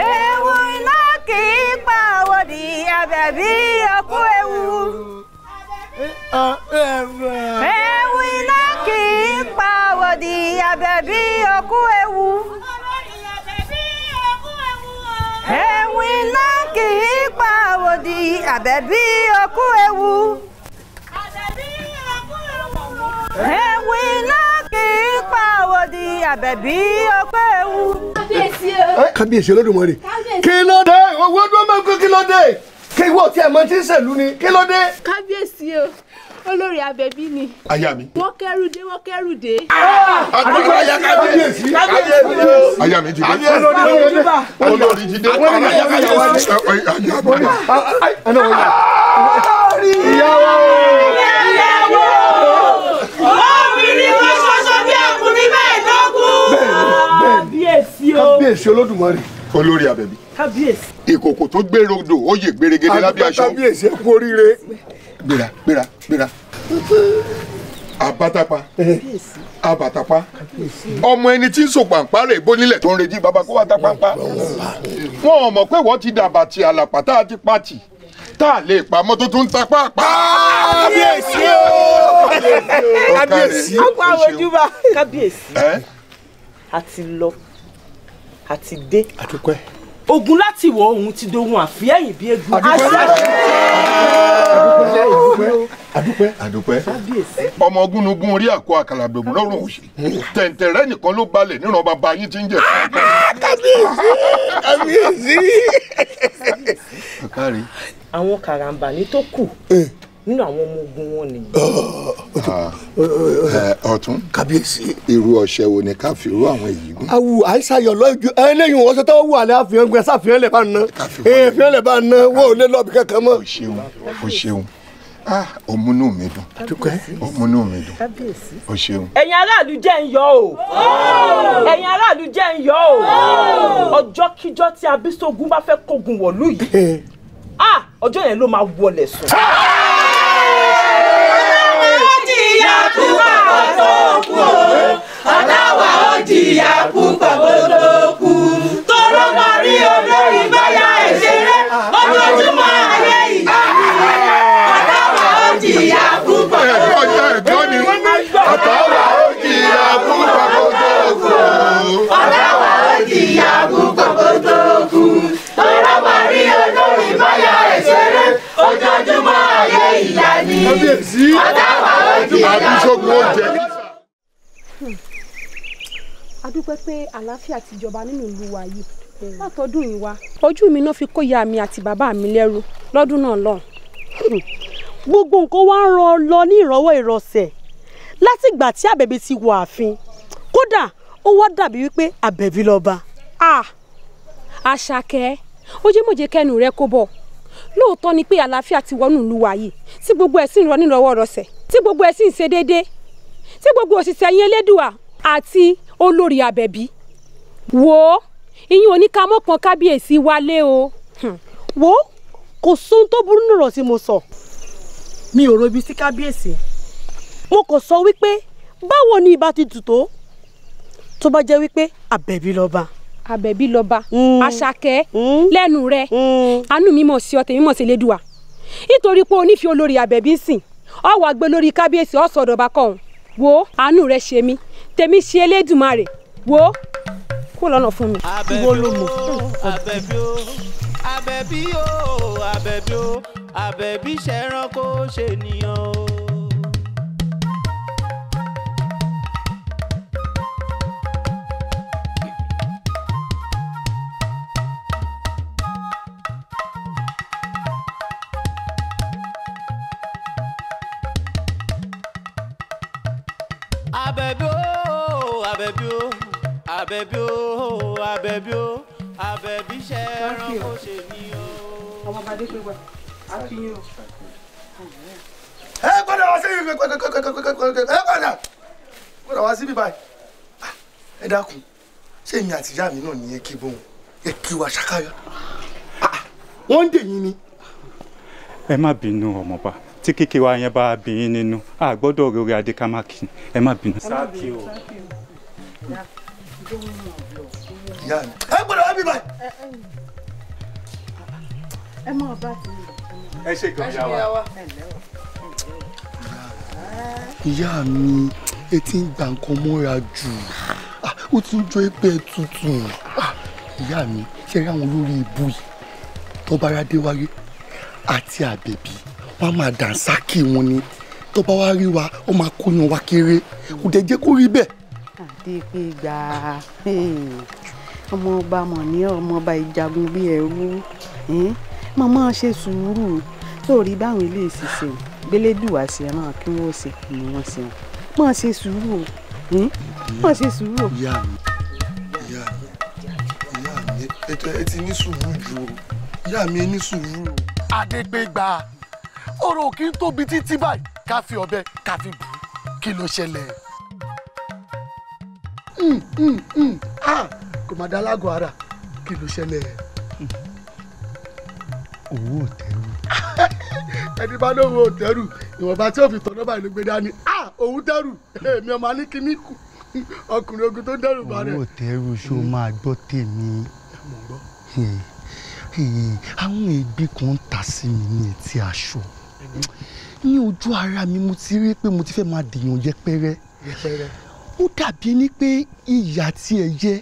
ewu iná kì í pa àwòdì àbẹ̀bí ọkú ewu. ewu iná kì í pa àwòdì àbẹ̀bí ọkú ewu. ewu iná kì í pa àwòdì àbẹ̀bí ọkú ewu ewì náà kì í pa òdì àbẹ̀bí ọpẹ́ ewu. kábíyèsí o. Eh, kábíyèsí olódùmarè kí ló dé owó dúró máa ń kó kí ló dé kí ìwọ tí ẹ mọ tí ń ṣèlú ni kí ló dé. kábíyèsí o olórí abẹbí ni. aya mi. wọ́n kẹ́rù dé wọ́n kẹ́rù dé. Ah! àdúgbò aya kábíyèsí kábíyèsí. aya mi ti dé. olórí ti dé. olórí ti dé. olórí aya kábíyèsí. aya mi. ìyàwó. ìyàwó. kábíyèsí o kábíyèsí olódùmarè olórí abẹbí kábíyèsí ìkòkò tó gbé rodo ó yè gbèrègèdè lábẹ́ aṣọ kábíyèsí ẹ kú oríire gbéra gbéra gbéra abatapa abatapa ọmọ ẹni tí ń so pàǹpá rẹ̀ bónílẹ̀ tó ń retí baba kó wá ta pàǹpá wọn ò mọ̀ pé wọ́n ti dàbà tí àlàpà tá a ti pa tì tá a lè pamọ́ tó tún ta pàǹpá. kábíyèsí o kábíyèsí o ọkọ àwọn ojúbà kábíyèsí àti lọ àti dé. àdúpẹ́. ogun láti wọ ohun ti dohun àfihàn bí egun. àdúpẹ́ àdúpẹ́ àdúpẹ́ ọmọ ogúnnugún orí àkó àkàlà gbẹ̀gùn lọ́rùn òsì tẹ̀ǹtẹ̀rẹ́ nìkan ló balẹ̀ níran ba yín ti ń jẹ. kábíyèsí kábíyèsí. àwọn karambani tó kù nínú àwọn ọmọ ogun wọn nìyí. ọ̀tún kábíyèsí. irú ọ̀sẹ̀ wo ni ká fi irú àwọn èyí gún. awu àìsàn yọlọ ju ẹlẹ́yìn wọn sọ táwọn wù àlẹ́ àfihàn gbẹ sáfihàn lẹ̀ bá ń ná àfihàn lẹ̀ wọn ò lé lọ́ọ̀bì kankan mọ́. o ṣeun o ṣeun ah omunu mi dùn òmùnú mi dùn o ṣeun. ẹ̀yin aráàlú jẹ́ ń yọ̀ o ẹ̀yin aráàlú jẹ́ ń yọ̀ o ọjọ́kíjọ́ tí abísógun bá fẹ́ kógun wọ̀lú yìí ah ọjọ́ yẹn ló máa wọlé sùn jìyà púpọ̀ kó tó kú o ọ̀tá wa ó jìyà púpọ̀ kó tó kú. torọ́mọ rí olórí báyà ìṣeré ojoojúmọ́. kábíyèsí àbíṣogun oúnjẹ. a dúpẹ́ pé àlàáfíà ti jọba nínú ìlú wa yìí látọdún yìí wá ojú mi náà fi kó ìyá mi àti bàbá mi lẹ́rú lọ́dún náà lọ́hùn. gbogbo nǹkan wá ń ràn lọ ní ìrànwọ́ ìrọ̀sẹ̀ látìgbà tí àbẹ̀bí ti wọ ààfin kódà ó wá dàbí wípé àbẹ̀bí lọ́ba. Ah! àṣàkẹ́ ó jẹ́ mọ̀jẹ̀ kẹ́nu rẹ kó bọ̀ lóòótọ́ ni pé àlàáfíà ti wọnú ìlú wa yìí tí gbogbo ẹ̀ sì ń rọ nírọ̀wọ́ rọsẹ̀ tí gbogbo ẹ̀ sì ń ṣe déédéé tí gbogbo òṣìṣẹ́ yín elédùà àti olórí àbẹ̀bí wò ó ìyín oníkàmọ́pọ̀n kábíyèsí wálé o. Hmm. wò ó kò sóhun tó burú nìrọ̀ tí mo sọ. mi ò robi sí kábíyèsí mo kò sọ wípé báwo ni ibà ti tù tó tó bá jẹ́ wípé àbẹ̀bí lọ́ba àbẹ̀bí lọ́ba mm. àṣàkẹ́ mm. lẹ́nu rẹ̀ mm. àánú mi mọ̀ sí ọ tèmi mọ̀ sí elédùà nítorí pé onífẹ́ olórí àbẹ̀bí sìn ọ wà gbé lórí kábíyèsí ọ sọ̀dọ̀ bá kọ̀ọ̀hún wo àánú rẹ̀ ṣe mí tèmi ṣe elédùmarè wo kó lọ́nà fún mi ìwọ ló mọ̀. àbẹ̀bí o àbẹ̀bí o àbẹ̀bí o àbẹ̀bí ṣẹranko ṣènìyàn o. àbẹ̀bí o àbẹ̀bí o àbẹ̀bí ṣe ẹran kó ṣe ní o. ọmọ bàdé pé wà á fi yín o. ẹ gbọ́dọ̀ wá síbi ẹ gbọ́dọ̀ gbọ́dọ̀ wá síbi báyìí ah, ẹ dákun ṣé èmi àti ìyá mi náà ní ẹkí bóun ẹkí wa ṣàkáyọ ah, wọ́n ń dèyìn ni. ẹ má bínú ọmọọba tí kíkí wa yẹn bá bí yín nínú àgbọ́dọ̀ rere adékámákì ẹ má bínú. ẹ má bínú sáà kí o ìyá mi. ẹ gbọ́dọ̀ wá bí báyìí. ẹ máa bá ti lọ. ẹ ṣe kàn yá wa. ìyá mi etí ń gba nǹkan mọ́ra jù ó ti ń jó ẹgbẹ́ tuntun ìyá mi ṣe rí àwọn olórí ìbú yìí tọ́bárádé wáyé àti àbẹ̀bí wọ́n á máa dànsákì wọn ni tọ́ba wá rí wa ó máa kóyan wa kéré kò dẹ̀ jẹ́ kó rí bẹ́ẹ̀ àti pé gbà á hmm, ọmọ ọba mọ̀ ní ọmọ ọba ìjagun bíi ẹrú màmá hmm, ṣe sùúrù torí báwọn ilé ìṣiṣẹ́ gbélédùwà sí ẹran kí wọ́n ṣe ni wọ́n ṣe mọ̀ ṣe sùúrù mọ̀ hmm, ṣe sùúrù. ìyá mi ìyá mi ìyá mi ètò ẹ ti ní sùúrù jù o ìyá mi ní sùúrù. adégbégbà ọ̀rọ̀ kì í tóbi títí báyìí ká fi ọ̀bẹ ká fi bù kí ló ṣẹlẹ̀. Mm, mm, mm. kò má dá lágọ̀ọ́ ara kí ló ṣẹlẹ̀. owó òtẹ́rù. (laughs) ẹni bá lówó òtẹ́rù ìwọ̀nba tí òfin tọ́nà báyìí ló gbé dání òun dẹ́rù èmi ọmọ aníkíní kù ọkùnrin ogun tó dẹ́rù bá rẹ̀. owó òtẹ́rù ṣó máa gbọ́ tèmi àwọn ègbé kan ń ta sí mi ní etí aṣọ ní ojú ara mi mo ti rí pé mo ti fẹ́ máa dèèyàn yẹpẹrẹ. yẹpẹrẹ ó dàbí ẹni pé ìyà tí ẹ jẹ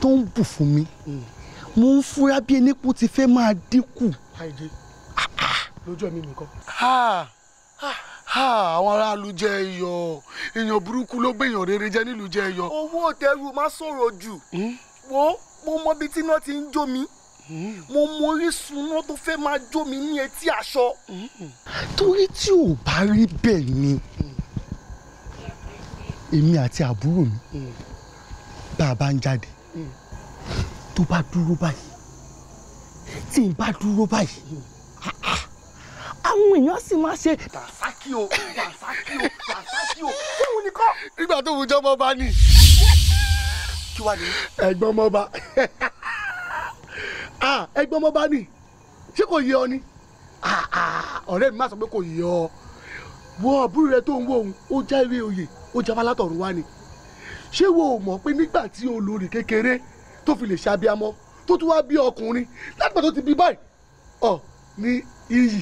tó ń bù fún mi hmm. mo ń fura bí ẹni pé ó ti fẹ́ máa dínkù. Ah, ah. lójú ẹ̀mí mi kọ́. àwọn aráàlú jẹ iyọ̀ èèyàn burúkú ló gbèyàn rere jẹ nílùú jẹ iyọ̀. owó tẹrù má sọ̀rọ̀ jù hmm? wo mo mọ ibi tí iná ti ń jó mi hmm? mo mọ orísun iná tó fẹ́ máa jó mi ní etí aṣọ. torí tí ò bá rí bẹ́ẹ̀ ni. Mm èmi àti àbúrò mi hmm. bá a bá ń jáde hmm. tó bá dúró báyìí tí n bá dúró báyìí hmm. àwọn èèyàn sì máa ṣe. dàsákì o dàsákì o dàsákì o fóun nìkan. nígbà tó wùjọ́ mọ́ bá ní. kí wàá ní. ẹ̀gbọ́n mọ́ bá (laughs) ah, ẹ̀gbọ́n mọ́ bá ní ṣé kò yẹ ọ ni ah, ah, ọ̀rẹ́ mi má sọ pé kò yẹ ọ wọ àbúrò rẹ tó ń wò ó jáwé oyè ó jẹ́ alátọ̀run wá ni ṣé wo ò mọ̀ pé nígbà tí olórí kékeré tó fi lè ṣe abiyamọ tó tún wá bí ọkùnrin látìgbà tó ti bí báyìí ọ ní iyì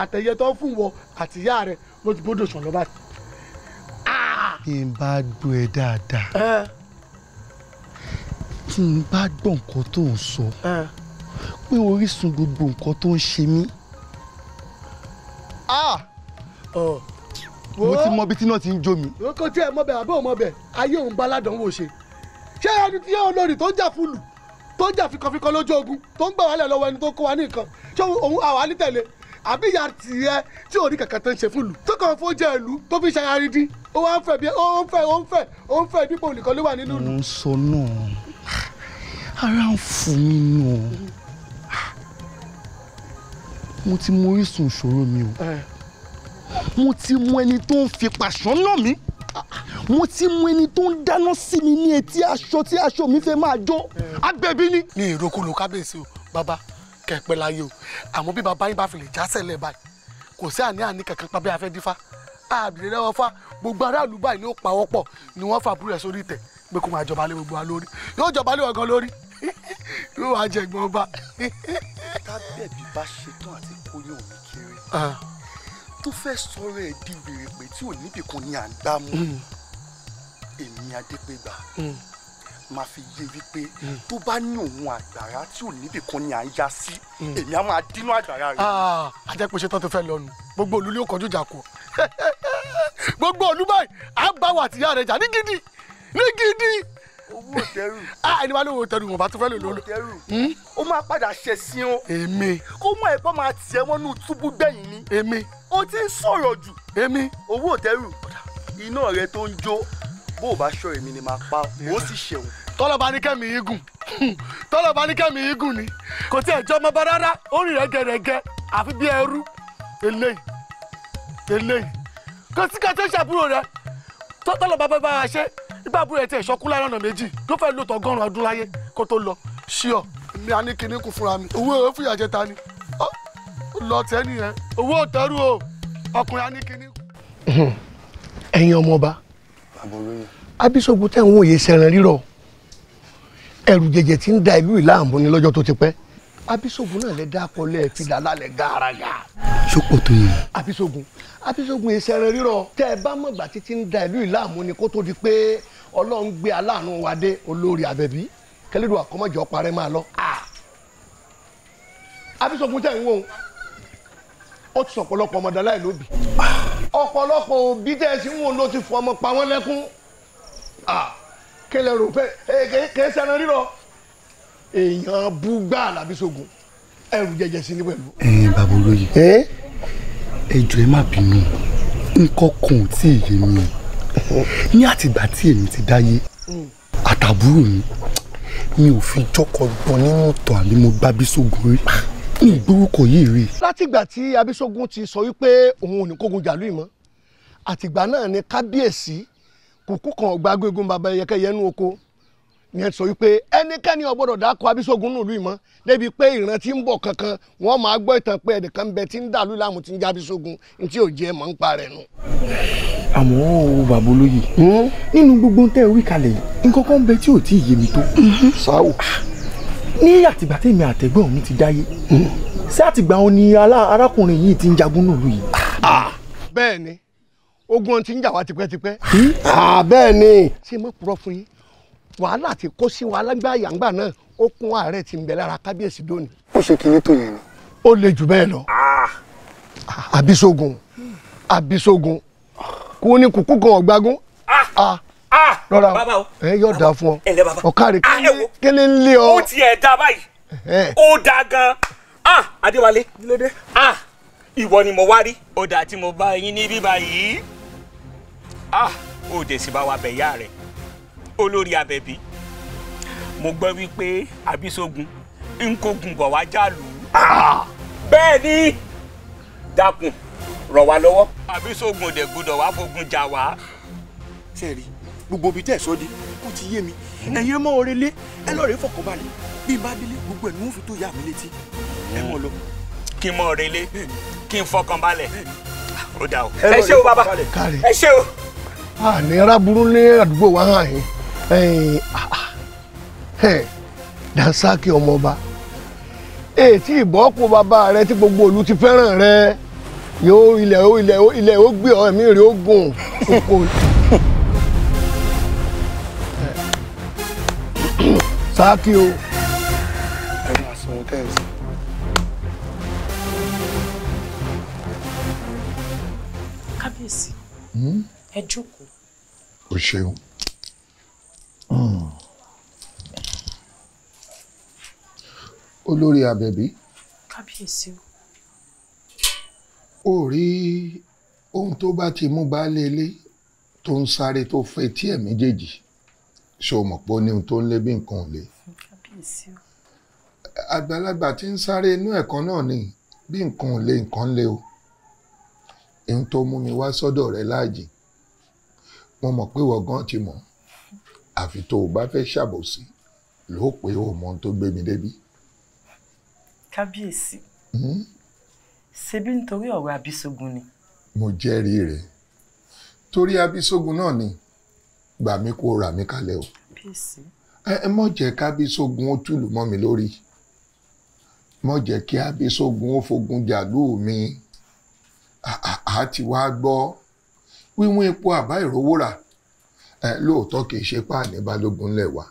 àtẹ̀yẹ tó fún wọ àtìyá rẹ ló ti bódò sàn lọ́ba. bí n bá gbọ́ ẹ dáadáa tí n bá gbọ́ nǹkan tó ń sọ pé orísun gbogbo nǹkan tó ń ṣe mí. ah. Oh mo ti mọ ibi tí náà ti ń jó mi. kò tí ẹ mọ bẹ àbẹ ò mọ bẹ ayé òun baládàn wò ṣe ṣé ẹni tí yóò lórí tó ń jà fúlù tó ń jà fikọ̀fikọ̀ lójú ogun tó ń gbà wálẹ̀ lọ́wọ́ ẹni tó kó wa ní nǹkan ṣé òun àwa ní tẹ̀lé àbí ìyá tiẹ̀ tí ò ní kankan tó ń ṣe fúlù tó kàn fó jẹ́ ìlú tó fi ṣayari dí ó wá ń fẹ́ bí ó ń fẹ́ ó ń fẹ́ ó ń fẹ́ dípò nìkan ló wà nínú mo ń sọ náà ara ń fún mi nù mo ti mọ orísun ìṣòro mi o. Eh mo ti mú ẹni tó ń fi pàṣán nà mí mo ti mú ẹni tó ń dáná sí mi ní etí aṣọ tí aṣọ mi fẹ́ máa jó agbẹ̀bí ni. ní ìrókòlò kábíyèsí o bàbá kẹpẹ láyé o àmọ́ bí bàbá yín bá fi lè jásẹ̀ lẹ̀ báyìí kò sí àní àní kankan pàbí afẹ́ dífá àbìrẹ́ lọ́wọ́ fá gbogbo aráàlú báyìí ló pa wọ́pọ̀ ni wọ́n fàbúrò ẹ̀ sórí ìtẹ̀ pé kó máa jọba lé gbogbo wa lórí yóò jọba lé ọ̀gán lórí (laughs) yóò wá jẹ ìgbọ̀n ọba. tábẹ́ẹ̀bí bá ṣetán àti kóyún òní tó fẹ́ sọ̀rọ̀ ẹ̀ di wèrè pé tí ò níbìkan ni à ń gbá mú hmm. èmi adépégbà máa hmm. fi yé e wípé hmm. tó bá ní òun àgbàrá tí ò níbì kan ni à ń ya sí èmi á máa dínú àgbàrá rẹ. ajẹ́pẹ́ ah, ṣetán tó fẹ́ lọ́nu gbogbo olú ló kọjú ìjà kù (laughs) gbogbo olú báyìí á bá wà tìyá rẹ ní gidi ní gidi owó òtẹ́rù. a ah, ẹni wàá lówó òtẹ́rù wọn bá tún fẹ́ lò lólo. Hmm? ó máa padà ṣẹ̀ sí o. èmi. kó mọ ẹ̀gbọ́n máa tiẹ̀ wọnú túbú gbẹ̀yìn ni. èmi. o ti ń sọ̀rọ̀ jù. èmi. owó òtẹ́rù iná rẹ tó ń jó bó o bá ṣọ èmi ni màá pa ó sì ṣẹ̀wọ̀n. tọ́lọ̀ bá ní kẹ́mi igun hmm. tọ́lọ̀ bá ní kẹ́mi igun ni kò tí ẹ̀ jọ ọmọ bá rárá ó rìn rẹ́gẹ́rẹ́gẹ́ àfi bí ẹrú eléyìí eléyìí kò sí kò tó ṣàbúrò rẹ tọ́lọ̀ bá bá bá ṣe nígbà àbúrò ẹ̀ tẹ̀ ìṣọ́kú láyé ọ̀nà méjì tó fẹ́ lò tọ́ gọ́rùn ọdún láyé kó tó lọ ṣíọ. mi a ní kinní kù fúnra mi owó èrò fìyà jẹ ta ni lọ tẹ nìyẹn owó òtẹrù o ọkùnrin a ní kinní. (laughs) ẹ̀yin ọmọọba abisogun tẹ̀ ń wòye sẹ̀rẹ̀ rírọ̀ ẹ̀rù jẹjẹ ti ń da ìlú ìlàmú ni lọ́jọ́ tó ti pẹ́ abisogun náà lè dá akọlẹ fi làlá lẹ gàràgà. sọpọ tó yẹ. abisogun abisogun ìṣẹ̀rẹ̀ rírọ̀ tẹ́ ẹ bá mọ̀gbà títí ń da ìlú ìlàmú ni kó tó di pé ọlọ́run gbé aláàánú wa dé olórí àbẹ̀bí kẹlẹ́dùn àkọ́mọ́jọ́ parẹ́ máa lọ. abisogun tẹ̀ ń wò ó ti sọ̀pọ̀lọpọ̀ ọmọdé aláìlóbi ọ̀pọ̀lọpọ̀ òbí tẹ̀ sí wọn ló ti fọ ọmọ pa wọ́n lẹ́kún kẹlẹ́ rò pé kẹ́ẹ́ sẹ́ran rírọ̀ èèyàn bú gbáà làbísogun ẹrù jẹjẹ sí ní pẹ̀lú. ẹ bàbá olóye ẹ jọ̀ọ́ ẹ má bínú nǹkan kan ò tí ì yé mi o ní àtìgbà tí èmi ti dáyé mm. àtàbúrò mi mi ò fi jọkọ gbọn nínú ìtàn àbí mo gbá bíṣogun rí mi ìgbórúkọ yìí rí. látìgbà tí abíṣogun ti sọ wípé òun ò ní kógun jàlú ìmọ̀ àtìgbà náà ni kábíyèsí kùkú kan ọgbà agbégun bàbá ẹyẹkẹyẹ nú oko ni ẹ sọ wípé ẹnikẹ́ni ò gbọ́dọ̀ dákọ abíṣogun nù lùmọ̀ débi pé ìran tí ń bọ̀ kankan wọ́n máa gbọ́ ìtàn pé ẹnìkan ń bẹ tí ń dàlú láàmú tí ń já abíṣogun ní tí ò jẹ́ mọ̀ ń parẹ́ nu àmọ́ o bàbá olóyè hmm? nínú gbogbo tẹ́ ẹ wí kalẹ̀ nǹkan kan bẹ tí ò tí ì yé mi tó. sáwò. Hmm? ní àtìgbà tèmi àtẹ̀gbọ́n mi ti dáyé hmm? ṣé àtìgbà wọn ni arákùnrin yìí ti ń jagun nílùú yìí. Ah! Ah! bẹ́ẹ̀ ni ogun ti ń jà wá tipẹ́tipẹ́. Ah! bẹ́ẹ̀ ni. ṣé mo purọ́ fún yín wàhálà ti kó sí wàhálà gbá yàǹgbà náà ó kún ààrẹ ti ń bẹ lára kábíyèsí dóni. ó ṣe kinní tó yẹn ni. ó le jù bẹ́ẹ̀ lọ. àbísógun àbísógun kú ní kùkú kan ọ̀gbágún. Ah, ah, ah, rọra ẹ yóò dà fún ọ ọ̀kàrẹ̀ kélé ń lé ọ. ó tiẹ̀ da báyìí ó da gan-an adéwálé lóde ìwọ ni mo wá rí ọ̀dà tí mo bá yín ní bíbá yìí dẹ̀ sì bá wa bẹ̀ yá rẹ̀ olórí abẹ́bí mo gbọ́ wípé abisogun nkogun bọ̀ wá jálù. bẹ́ẹ̀ ni dákun ràn wá lọ́wọ́. àbí sóògùn òde gbọ́dọ̀ wá fogun jà wá. ṣe rí gbogbo ibi tẹ́ ẹ̀ sọ di ó ti yé mi ẹ̀yin ẹ mọ oore lé ẹ lọ́ọ́ rẹ fọkànbalẹ̀ bí n bá délé gbogbo ẹ̀ ni wọ́n fi tó yá mi létí ẹ mọ̀ lọ. kí n mọ oore lé kí n fọkànbalẹ̀ ó dà o. ẹ ṣé o bàbá ẹ ṣé o. àní aráburú ní àdúgbò wa hàn yín dansaki ọmọọba èyí tí ìbọ́kù bàbá rẹ tí gbogbo ìlú ti fẹ́ràn rẹ yóò ilẹ̀ ó ilẹ̀ ó ilẹ̀ ó gbé ọ ẹ̀mí rẹ̀ ó gùn kókó. sáàkì o. ẹ máa sanwó tẹ́ǹsì. kábíyèsí hmm? ẹ jókòó. o ṣeun. Hmm. olórí abẹ̀bí. kábíyèsí o ó rí ohun tó bá ti mú baálé ilé tó ń sáré tó fẹ́ tí ẹ̀ méjèèjì ṣó mọ̀ pé ó ní ohun tó ń lé bí nǹkan ò lé. àgbàlagbà tí ń sáré inú ẹ̀kan náà ni bí nǹkan ò lé nǹkan lé o ohun tó mú mi wá sọ́dọ̀ rẹ láàjì mo mọ̀ pé ìwọ gan ti mọ̀ àfi tó o bá fẹ́ ṣàbòsí ló pé o mọ ohun tó gbé mi débi. kábíyèsí. Mm-hmm ṣebí nítorí ọ̀rọ̀ abisogun ni. mo jẹ́rìí rẹ̀ torí abisogun náà ni gbà mí kó rà mí kalẹ̀ o ẹ mọ̀ jẹ́ kábísógun ó túlù mọ́ mi lórí mọ̀ jẹ́ kí abísógun ó fogun jàlú mi àá ti wá gbọ́ wíwọ́n epo àbá ìrówó ẹ lóòótọ́ kì ṣe páàní balógun lẹ̀ wá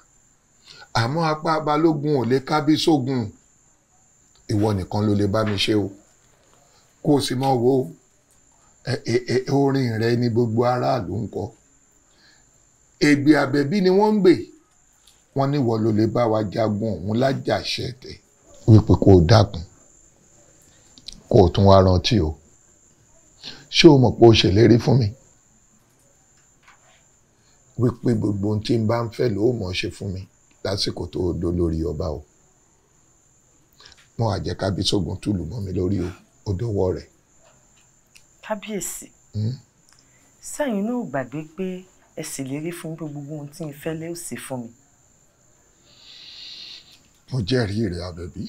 àmọ́ apá balógun ò lè kábísógun ìwọ nìkan ló lè bá mi ṣe o kó o sì mọ wo orin rẹ ni gbogbo aráàlú ń kọ ègbè àbẹ̀bí ni wọ́n ń gbè wọ́n ní wọ́n ló lè bá wa jagun òun lájàṣẹ tẹ̀ wípé kó o dákun kó o tún wá rántí o ṣé o mọ̀ pé o ṣèlérí fún mi wípé gbogbo ohun tí n bá ń fẹ́ ló mọ̀ ṣe fún mi lásìkò tó dolórí ọba o mo àjẹkábí sógun túlù mọ́ mi lórí o odówó rẹ̀. kábíyèsí sẹ́yìn hmm? náà ò gbàgbé pé ẹ sì lérí fún pé gbogbo ohun tí n fẹ́ lé ò sí fún mi. mo jẹ́rìí rẹ̀ àbẹ̀bí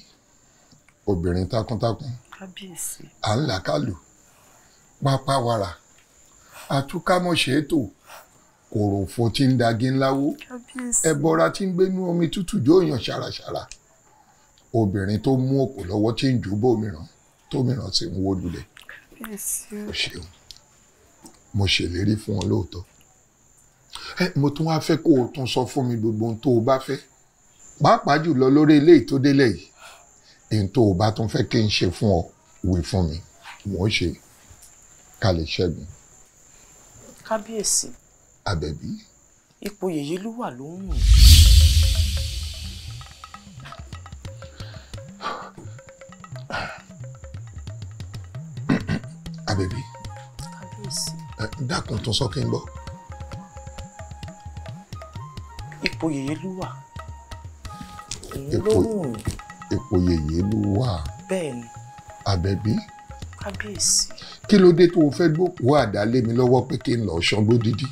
obìnrin takuntakun kábíyèsí à ń làkàlù pápá wàrà àtúkámọ̀ṣètò kòròfo tí ń dagi ńláwó ẹbọra tí ń gbénú omi tútù jóòyàn ṣàràṣàrà obìnrin tó mú òkò lọ́wọ́ tí ń jù bòmíràn tó mìíràn ti ń wó lulẹ̀ o ṣeun mo ṣèlérí fún ọ lóòótọ́ ẹ mo tún wáá fẹ́ kó o tún sọ fún mi gbogbo ohun tó o bá fẹ́ pàápàá jùlọ lórí eléyìí tó délẹ̀ yìí èyí tó o bá tún fẹ́ kí n ṣe fún ọ wí fún mi mò ń ṣe ká lè ṣẹ́gun. kábíyèsí. àbẹ̀bí. ipò yèyí ló wà lóhùn. dákun tún sọ kí n gbọ́. ipò yèyé ló wà èyí ló mú un. ipò yèyé ló wà. bẹ́ẹ̀ ni. àbẹ̀bí. kábíyèsí. kí ló dé tó o fẹ́ gbókùú àdá lé mi lọ́wọ́ pé kí n lọ ṣan lódìdí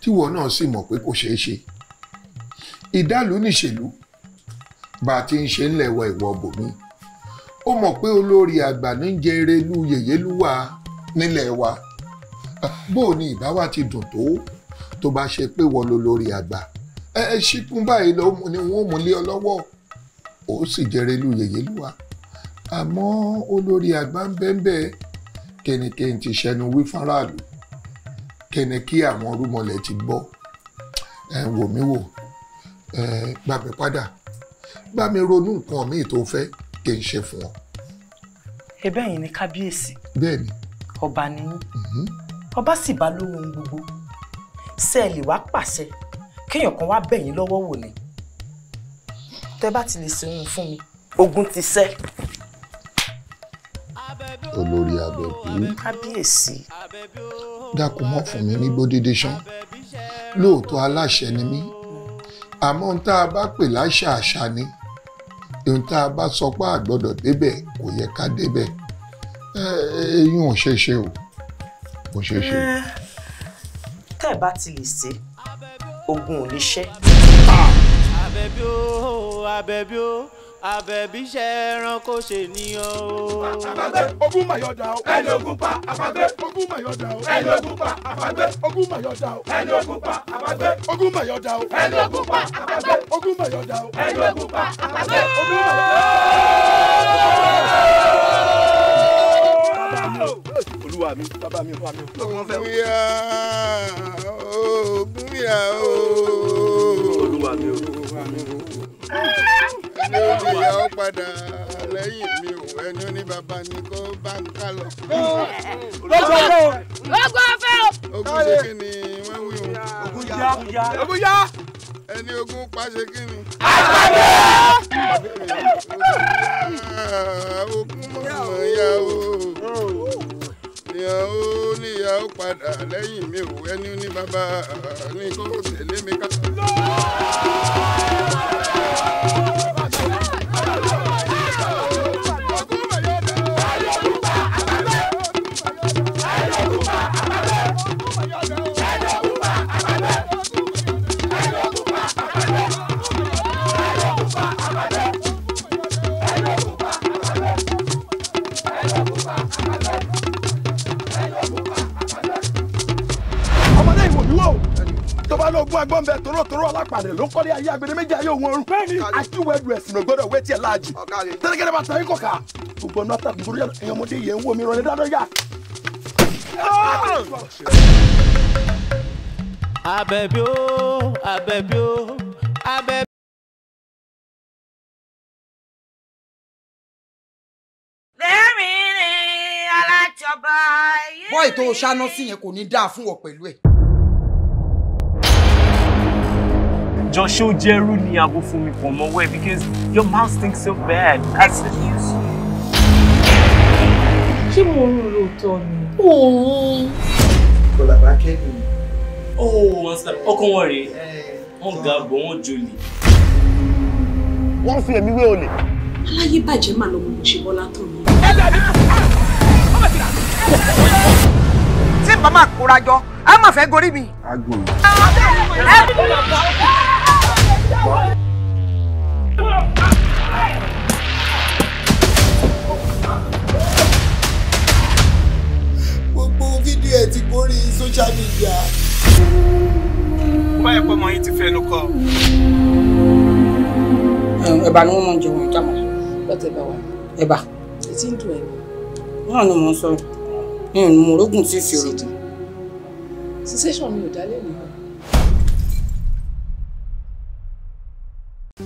tíwọ náà sì mọ̀ pé kò ṣeé ṣe ìdálù níṣèlú bá a ti ń ṣe ńlẹ̀ wọ ìwọ bòmí ó mọ̀ pé olórí àgbà ní jẹ́ erelú yèyélúwà nílẹ̀ wa bó o ní ìbá wa ti dùn tó tó bá ṣe pé wọ́n ló lórí àgbà ẹ ẹ ṣíkún báyìí ló ni wọ́n mú lé ọ lọ́wọ́ ó sì jẹrẹ lu yèyé lúwa àmọ́ olórí àgbà ń bẹ́ńbẹ́ kẹ́nikẹ́ni ti ṣẹnu wí fáráàlú kẹ́ni àwọn rúmọlẹ̀ ti gbọ́ ẹ wò mí wò ẹ gbà mí padà bá mi ronú nǹkan míì tó fẹ́ kí n ṣe fún ọ. ẹ bẹ́ẹ̀ ni kábíyèsí. bẹ́ẹ̀ ni ọba ni yín mhm. ọba sì bá lóhun gbogbo ṣé ẹ lè wá pàṣẹ kéèyàn kan wá bẹ̀ yín lọ́wọ́ wò ni tẹ́ bá ti lè ṣe ohun fún mi ogun ti ṣẹ́. olórí abẹ́bí kábíyèsí dákun mọ́ fún mi ní gbódédé ṣán lóòótọ́ aláṣẹ ni mí àmọ́ ohun tá a bá pè láṣà àṣà ni ohun tá a bá sọ pé àgbọ́dọ̀ débẹ̀ kò yẹ ká débẹ̀ eyín eh, eh, ò ṣeé ṣe o kò ṣeé ṣe. Eh, tẹ́ ẹ bá ti lè ṣe ogun ò lè ṣẹ́. àbẹ̀bí o àbẹ̀bí o àbẹ̀bí ṣe ẹranko ṣe ni o. àbàgbẹ́ ogún mayọ̀dà o. ẹni ogún pa àbàgbẹ́ ogún mayọ̀dà o. ẹni ogún pa àbàgbẹ́ ogún mayọ̀dà o. ẹni ogún pa àbàgbẹ́ ogún mayọ̀dà o. ẹni ogún pa àbàgbẹ́ ogún mayọ̀dà o. ẹni ogún pa àbàgbẹ́ ogún mayọ̀dà o olúwa mi bàbá mi olúwa mi olúwa mi. ògúnyà ògúnyà ooo. olúwa mi olúwa mi mi ò ní ìyá ọ padà lẹ́yìn mi ò ẹni ó ní bàbá ni kó bá ń ká lọ. lọ́gbọ́n fẹ́ o. lọ́gbọ́n fẹ́ o. ogun ṣe kí ni wọ́n wí o. ogun ya ogun ya ẹni ogún pa kí ni. àgbàdo. ogún mọ̀ ya o níyàwó níyàwó padà lẹ́yìn mi ò ẹni ní bàbá ní kó tẹ̀lé mi ká. balógun agbọ́nbẹ tòrótòró alápàdé ló kọ́lé ayé agbede méjì ayé òun ọ̀run àtiwẹ́dù ẹ̀sìn ògbọ́dọ̀ wẹ́tí ẹ̀ láàjì tẹ́lẹ̀kẹ́lẹ́ bá tẹ̀yìn kọ̀ọ̀ká gbogbo náà tàbí gbogbo ẹ̀yàn ọmọdé yẹn ń wo mi rọ̀ ní yá. Àbẹ̀bí o Àbẹ̀bí o Àbẹ̀bí. lẹ́rìn-ín alájọba yìí. bọ́ọ̀ ètò ṣáná sí yẹn kò ní dáa fún ọ pẹ̀lú ẹ̀. jọ ṣó jẹ́rú ni abo fún mi pọ̀ mọ́wọ́ ẹ because your mouth stinks so bad. excuse you. ṣé mo rún lóòótọ́ ni. ooo. kọlàbà kẹ́mi. ooo ọkàn wọn rèé wọn ga bọ wọn jolè. wọ́n fi èmi wé olè. aláyé bàjẹ́ màá lọ́mọ mo ṣe bọ́lá tán mi. ẹ dàbí ọmọ ti rà. tí bàbá kóra jọ a máa fẹ́ gorí mi. a gbòòrò gbogbo fídíò ẹ ti kórè social media. báyọ̀ pọ̀ mọ́ yín ti fẹnu kọ. ẹ̀bà ni wọ́n mọ̀ jẹun ìjà mọ́. lọ́tẹ̀ bá wa. ẹ̀bà. etí ń dùn ẹ̀. náà ni mò ń sọ mi ò mọ̀ orógùn tí ì fi rò. sensation mi ò dálé nìyẹn.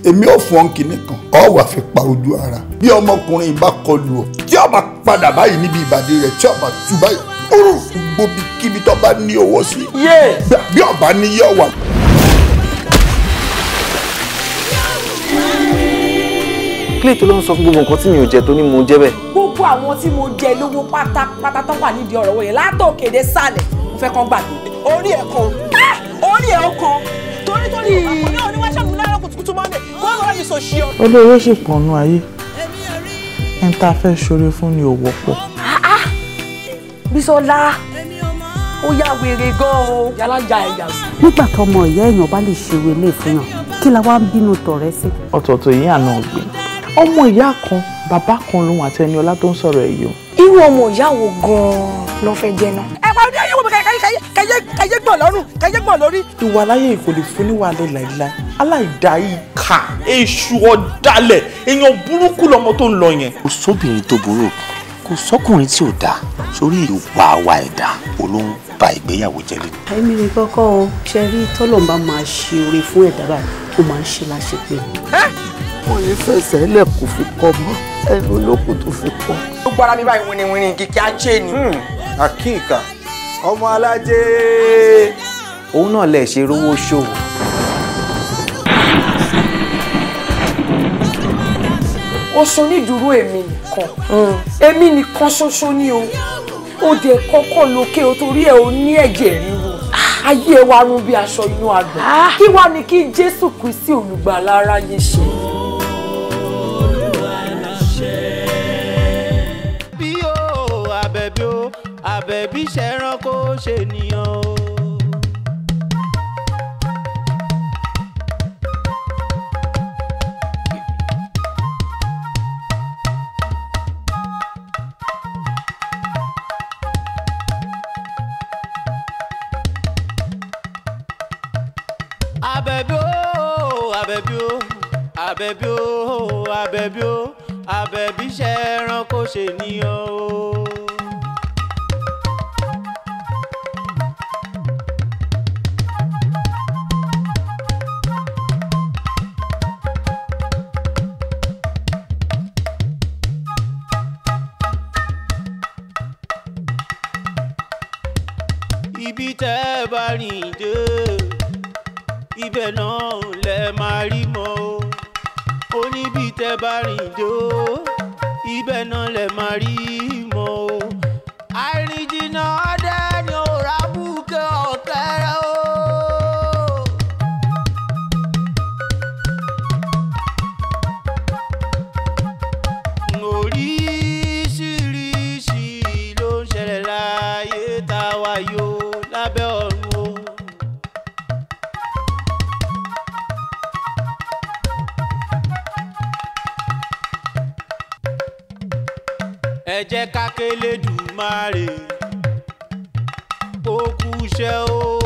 èmi ò fọ́n kìíní kan ọ wà fi pa ojú ara bí ọmọkùnrin bá kọlu ọ tí ó bá padà báyìí níbi ìbàdí rẹ tí ó bá tú báyìí kúrò gbòbí kíbi tó bá ní owó sí bí ó bá ní yọ wà. clay tó ló ń sọ fún gbogbo nǹkan tí mi ò jẹ tó ní mo jẹ bẹ́ẹ̀. gbogbo àwọn tí mo jẹ lówó pátápátá tó wà nídìí ọ̀rọ̀ wọ̀nyẹn látòkèdè sálẹ̀ mo fẹ́ kàn gbàgbé orí ẹ̀ kan ah! orí ẹ̀ kan torítorí kùtùkùtù monday why are you so sure. olówó ṣì pọ̀nù ayé ẹni tá a fẹ́ ṣoore fún ni ò wọ́pọ̀. Ah, ah. Bísọ́lá ó yá wèrè gan o. yàrá ja ẹ̀yà sí. nígbà tọmọ ìyá èèyàn bá lè ṣe wẹlé fún yàn kí la wá ń bínú tọ̀rẹ́ sí. ọ̀tọ̀ọ̀tọ̀ ìyá náà gbé ọmọ ìyá kan bàbá kan lòun àti Ẹniọlá tó ń sọ̀rọ̀ ẹ̀yọ́ irú ọmọ ìyá wo gan-an ló fẹ́ jẹ náà. ẹ pa ọdún ayé wo mi kẹyẹ kẹyẹ gbọ̀n lọ́rùn kẹyẹ gbọ̀n lórí. ìwà aláyé kò lè fún níwà alẹ́ láìláì aláìdá ìkà èṣù ọ̀dàlẹ̀ èèyàn burúkú lọmọ tó ń lọ yẹn. kò sóbìnrin tó burú kò sọkùnrin tí ò dáa sórí ìwà àwa ẹ̀dá olóhùn ba ìgbéyàwó jẹ́ lé. èmi ní kọ́kọ́ ṣe rí tọ́lọ̀ bá máa ṣe oore fún ẹ̀dá báyìí ó máa ń ṣe láṣepẹ́ wọn yìí fẹsẹ̀ lẹ̀ kò fi kọ́ mọ́ ẹnu olókùn tó fi kọ́. ó gbára mi báyìí wìnìwìnì kìkì ajé ni. àkíkà hmm, ọmọ alájẹ. òun náà lè ṣe rówó ṣòwò. o sọ nídùúró èmi nìkan hmm. èmi nìkan ṣoṣo ni o ó dé kọ́kọ́ lókè o torí ẹ̀ o ní ẹ̀jẹ̀ ríru ayé wa run bí aṣọ inú àgbà ah. kí wá ni kí Jésù Kristi olùgbàlà aráyé ṣe. àbẹ̀bí ṣẹran kó ṣe nìyàn o. àbẹ̀bí o àbẹ̀bí o àbẹ̀bí o àbẹ̀bí o àbẹ̀bí ṣẹran kó ṣe nìyàn o. àjò ibẹ̀ náà lè máa rí i. ẹ jẹ́ ká kélédùmarè ó kúṣẹ́ o.